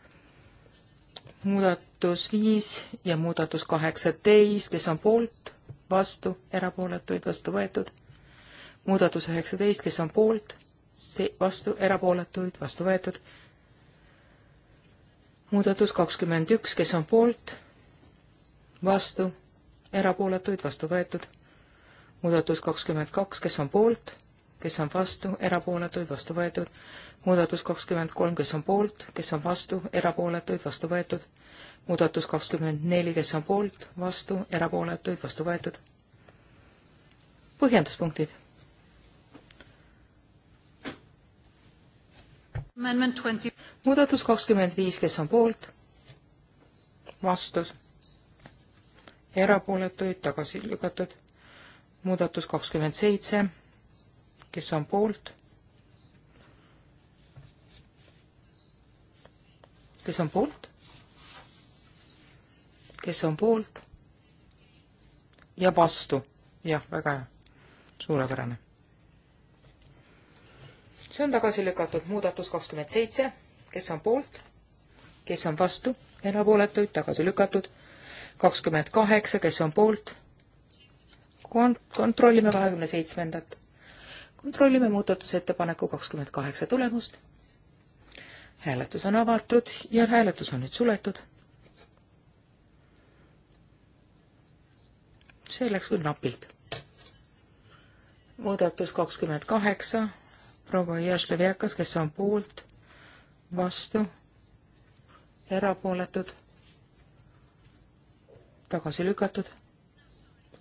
muudatus viis ja muudatus kaheksateist, kes on poolt, vastu, erapooletuid, vastu võetud. muudatus üheksateist, kes on poolt, vastu, erapooletuid, vastu võetud. muudatus kakskümmend üks, kes on poolt, vastu, erapooletuid, vastu võetud. muudatus kakskümmend kaks, kes on poolt kes on vastu, erapooletuid, vastu võetud. muudatus kakskümmend kolm, kes on poolt, kes on vastu, erapooletuid, vastu võetud. muudatus kakskümmend neli, kes on poolt, vastu, erapooletuid, vastu võetud. põhjenduspunktid. muudatus kakskümmend viis, kes on poolt, vastus, erapooletuid, tagasi lükatud. muudatus kakskümmend seitse kes on poolt, kes on poolt, kes on poolt ja vastu. jah, väga hea, suurepärane. see on tagasi lükatud muudatus kakskümmend seitse, kes on poolt, kes on vastu, erapooletuid tagasi lükatud, kakskümmend kaheksa, kes on poolt, kont-, kontrollime kahekümne seitsmendat kontrollime muudatusettepaneku kakskümmend kaheksa tulemust. hääletus on avatud ja hääletus on nüüd suletud. see läks küll napilt. muudatus kakskümmend kaheksa, proua Jašlevjakas, kes on poolt, vastu, erapooletud, tagasi lükatud.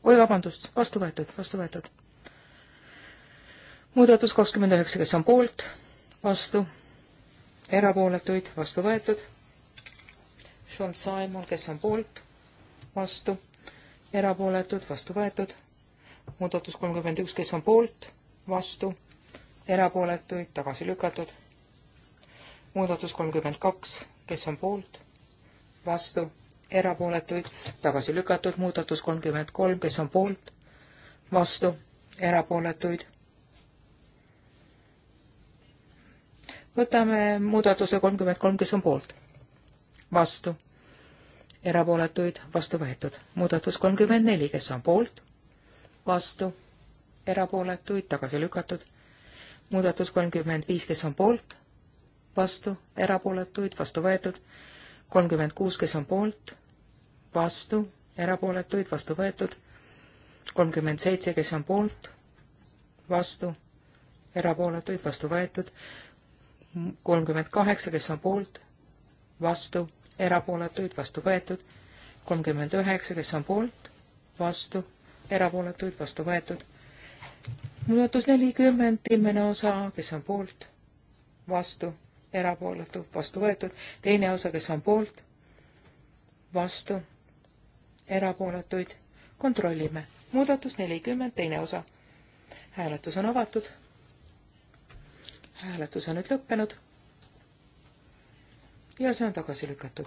oi, vabandust, vastu võetud, vastu võetud muudatus kakskümmend üheksa, kes on poolt, vastu, erapooletuid, vastu võetud. Sean Simon, kes on poolt, vastu, erapooletud, vastu võetud. muudatus kolmkümmend üks, kes on poolt, vastu, erapooletuid, tagasi lükatud. muudatus kolmkümmend kaks, kes on poolt, vastu, erapooletuid, tagasi lükatud. muudatus kolmkümmend kolm, kes on poolt, vastu, erapooletuid võtame muudatuse kolmkümmend kolm, kes on poolt? vastu. erapooletuid vastu võetud. muudatus kolmkümmend neli, kes on poolt? vastu. erapooletuid tagasi lükatud. muudatus kolmkümmend viis, kes on poolt? vastu. erapooletuid vastu võetud. kolmkümmend kuus, kes on poolt? vastu. erapooletuid vastu võetud. kolmkümmend seitse, kes on poolt? vastu erapooletuid vastu võetud, kolmkümmend kaheksa, kes on poolt, vastu, erapooletuid, vastu võetud, kolmkümmend üheksa, kes on poolt, vastu, erapooletuid, vastu võetud. muudatus nelikümmend, esimene osa, kes on poolt, vastu, erapooletu, vastu võetud, teine osa, kes on poolt, vastu, erapooletuid, kontrollime. muudatus nelikümmend, teine osa. hääletus on avatud hääletus on nüüd lõppenud. ja see on tagasi lükatud.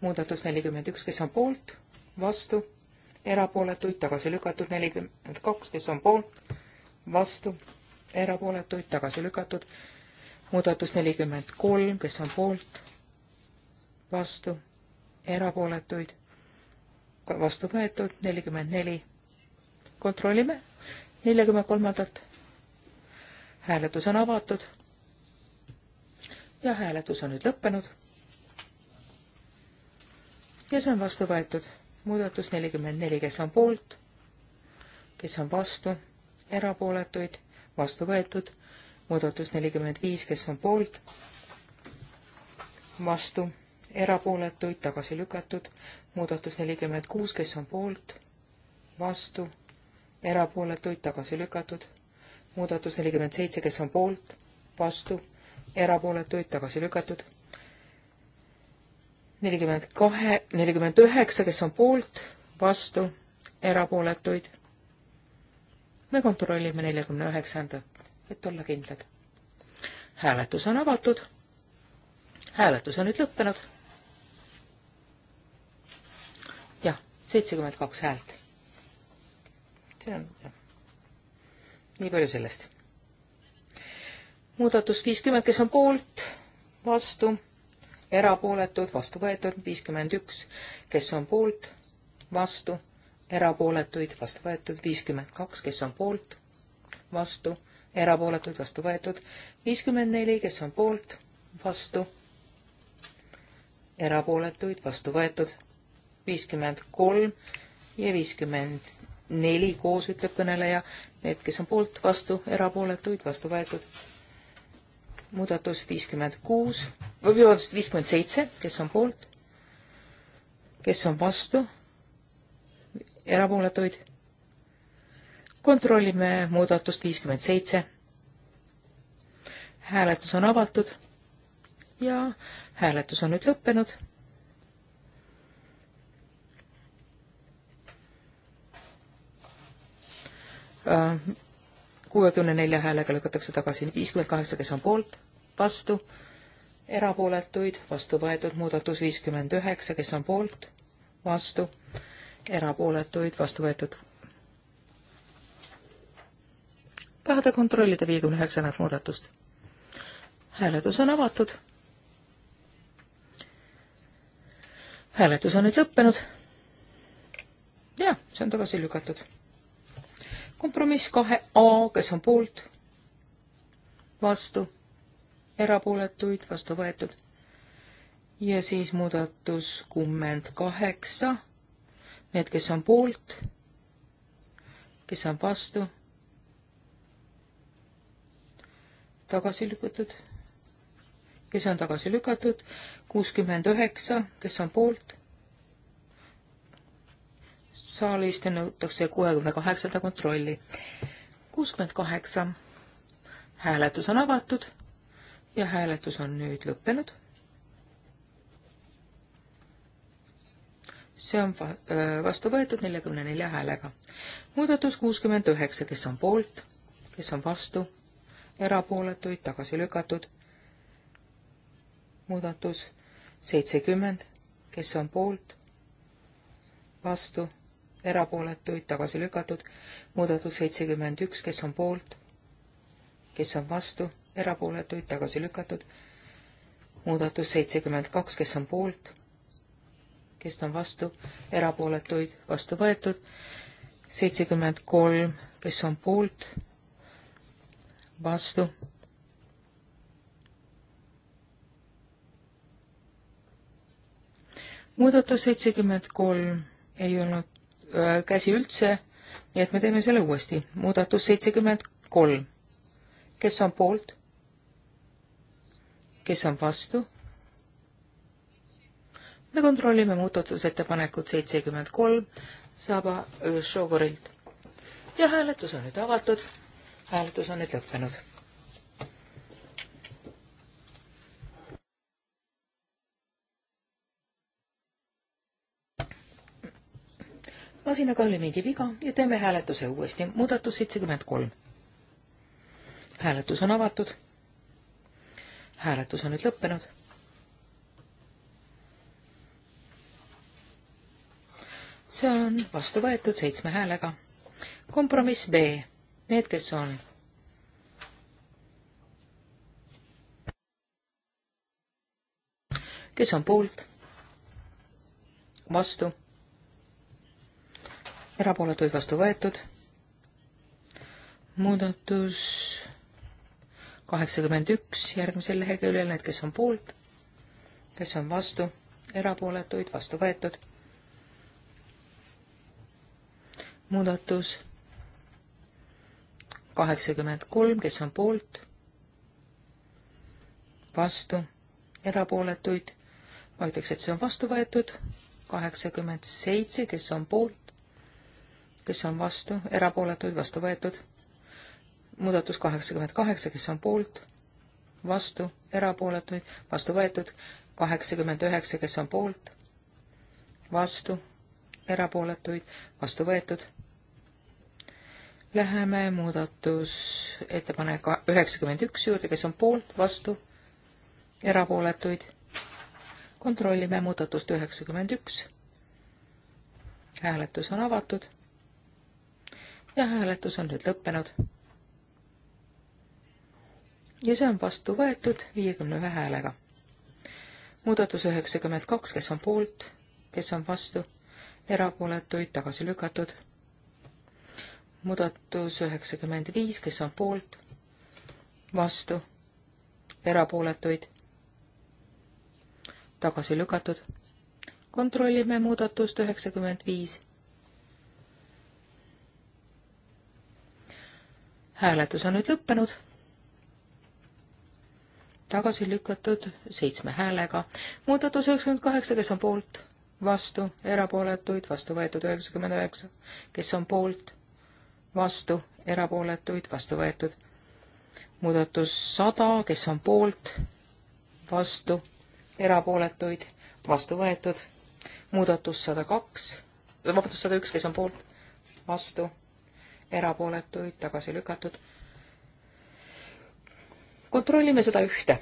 muudatus nelikümmend üks, kes on poolt, vastu, erapooletuid tagasi lükatud, nelikümmend kaks, kes on poolt, vastu, erapooletuid tagasi lükatud, muudatus nelikümmend kolm, kes on poolt, vastu, erapooletuid vastu võetud, nelikümmend neli. kontrollime neljakümne kolmandat hääletus on avatud. ja hääletus on nüüd lõppenud. ja see on vastu võetud. muudatus nelikümmend neli, kes on poolt, kes on vastu, erapooletuid, vastu võetud. muudatus nelikümmend viis, kes on poolt, vastu, erapooletuid, tagasi lükatud. muudatus nelikümmend kuus, kes on poolt, vastu, erapooletuid, tagasi lükatud muudatus nelikümmend seitse, kes on poolt, vastu, erapooletuid, tagasi lükatud. nelikümmend kahe, nelikümmend üheksa, kes on poolt, vastu, erapooletuid. me kontrollime neljakümne üheksandat, et olla kindlad. hääletus on avatud. hääletus on nüüd lõppenud. jah, seitsekümmend kaks häält. see on jah nii palju sellest. muudatus viiskümmend, kes on poolt, vastu, erapooletud, vastu võetud, viiskümmend üks, kes on poolt, vastu, erapooletuid, vastu võetud, viiskümmend kaks, kes on poolt, vastu, erapooletuid, vastu võetud, viiskümmend neli, kes on poolt, vastu, erapooletuid, vastu võetud, viiskümmend kolm ja viiskümmend neli koos, ütleb kõneleja. Need, kes on poolt, vastu, erapooletuid, vastu võetud. muudatus viiskümmend kuus, või vabandust, viiskümmend seitse, kes on poolt, kes on vastu, erapooletuid. kontrollime muudatust viiskümmend seitse. hääletus on avatud ja hääletus on nüüd lõppenud Äh, kuuekümne nelja häälega lükatakse tagasi viiskümmend kaheksa, kes on poolt, vastu, erapooletuid, vastu võetud muudatus viiskümmend üheksa, kes on poolt, vastu, erapooletuid, vastu võetud. tahate kontrollida viiekümne üheksandat muudatust? hääletus on avatud. hääletus on nüüd lõppenud. jah, see on tagasi lükatud kompromiss kahe A, kes on poolt, vastu, erapooletuid, vastu võetud. ja siis muudatus kuuskümmend kaheksa, need, kes on poolt, kes on vastu, tagasi lükatud, kes on tagasi lükatud, kuuskümmend üheksa, kes on poolt saalist ja nõutakse kuuekümne kaheksanda kontrolli. kuuskümmend kaheksa. hääletus on avatud ja hääletus on nüüd lõppenud. see on va vastu võetud neljakümne nelja häälega. muudatus kuuskümmend üheksa, kes on poolt, kes on vastu, erapooletuid tagasi lükatud. muudatus seitsekümmend, kes on poolt, vastu erapooletuid, tagasi lükatud, muudatus seitsekümmend üks, kes on poolt, kes on vastu, erapooletuid, tagasi lükatud, muudatus seitsekümmend kaks, kes on poolt, kes on vastu, erapooletuid, vastu võetud, seitsekümmend kolm, kes on poolt, vastu, muudatus seitsekümmend kolm ei olnud Äh, käsi üldse, nii et me teeme selle uuesti. muudatus seitsekümmend kolm. kes on poolt? kes on vastu? me kontrollime muudatusettepanekut seitsekümmend kolm Saba äh, Šogorilt ja hääletus on nüüd avatud. hääletus on nüüd lõppenud masinaga oli mingi viga ja teeme hääletuse uuesti. muudatus seitsekümmend kolm. hääletus on avatud. hääletus on nüüd lõppenud. see on vastu võetud seitsme häälega. kompromiss B, need, kes on kes on poolt, vastu erapooletuid vastu võetud. muudatus kaheksakümmend üks järgmisel leheküljel, need, kes on poolt, kes on vastu, erapooletuid vastu võetud. muudatus kaheksakümmend kolm, kes on poolt, vastu, erapooletuid, ma ütleks, et see on vastu võetud, kaheksakümmend seitse, kes on poolt, kes on vastu, erapooletuid, vastu võetud. muudatus kaheksakümmend kaheksa, kes on poolt, vastu, erapooletuid, vastu võetud. kaheksakümmend üheksa, kes on poolt, vastu, erapooletuid, vastu võetud. Läheme muudatusettepanek üheksakümmend üks juurde, kes on poolt, vastu, erapooletuid. kontrollime muudatust üheksakümmend üks. hääletus on avatud ja hääletus on nüüd lõppenud. ja see on vastu võetud viiekümne ühe häälega. muudatus üheksakümmend kaks, kes on poolt, kes on vastu, erapooletuid tagasi lükatud. muudatus üheksakümmend viis, kes on poolt, vastu, erapooletuid tagasi lükatud. kontrollime muudatust üheksakümmend viis hääletus on nüüd lõppenud. tagasi lükatud seitsme häälega. muudatus üheksakümmend kaheksa, kes on poolt, vastu, erapooletuid, vastu võetud üheksakümmend üheksa, kes on poolt, vastu, erapooletuid, vastu võetud. muudatus sada, kes on poolt, vastu, erapooletuid, vastu võetud. muudatus sada kaks, vabandust, sada üks, kes on poolt, vastu erapooletuid, tagasi lükatud. kontrollime seda ühte.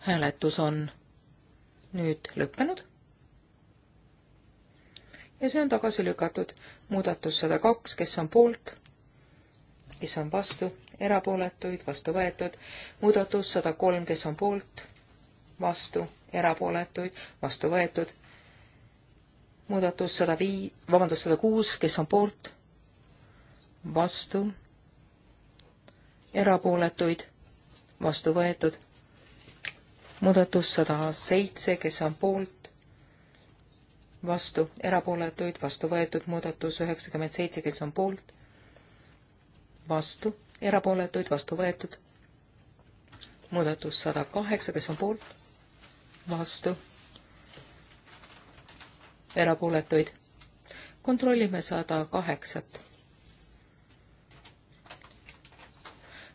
hääletus on nüüd lõppenud. ja see on tagasi lükatud. muudatus sada kaks, kes on poolt, kes on vastu, erapooletuid, vastu võetud. muudatus sada kolm, kes on poolt, vastu, erapooletuid, vastu võetud muudatus sada vii-, vabandust, sada kuus, kes on poolt, vastu, erapooletuid, vastu võetud. muudatus sada seitse, kes on poolt, vastu, erapooletuid, vastu võetud, muudatus üheksakümmend seitse, kes on poolt, vastu, erapooletuid, vastu võetud. muudatus sada kaheksa, kes on poolt, vastu erapooletuid. kontrollime sada kaheksat.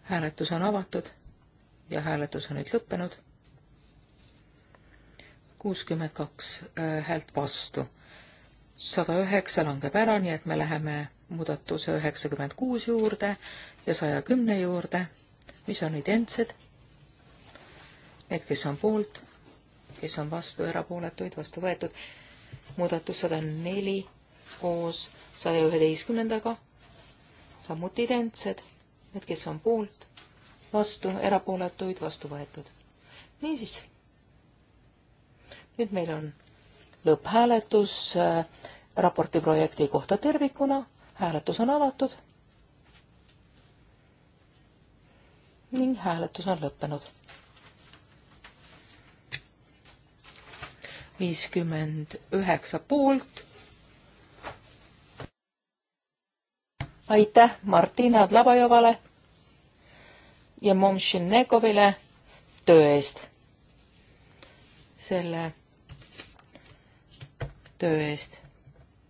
hääletus on avatud ja hääletus on nüüd lõppenud. kuuskümmend kaks äh, häält vastu. sada üheksa langeb ära, nii et me läheme muudatuse üheksakümmend kuus juurde ja saja kümne juurde, mis on identsed. Need, kes on poolt, kes on vastu, erapooletuid, vastu võetud muudatus sada neli koos saja üheteistkümnendaga, samuti identsed, need, kes on poolt, vastu, erapooletuid, vastu võetud. niisiis, nüüd meil on lõpphääletus äh, raporti projekti kohta tervikuna, hääletus on avatud ning hääletus on lõppenud viiskümmend üheksa poolt. aitäh Martina Dlabajovale ja Momšinnekovile töö eest, selle töö eest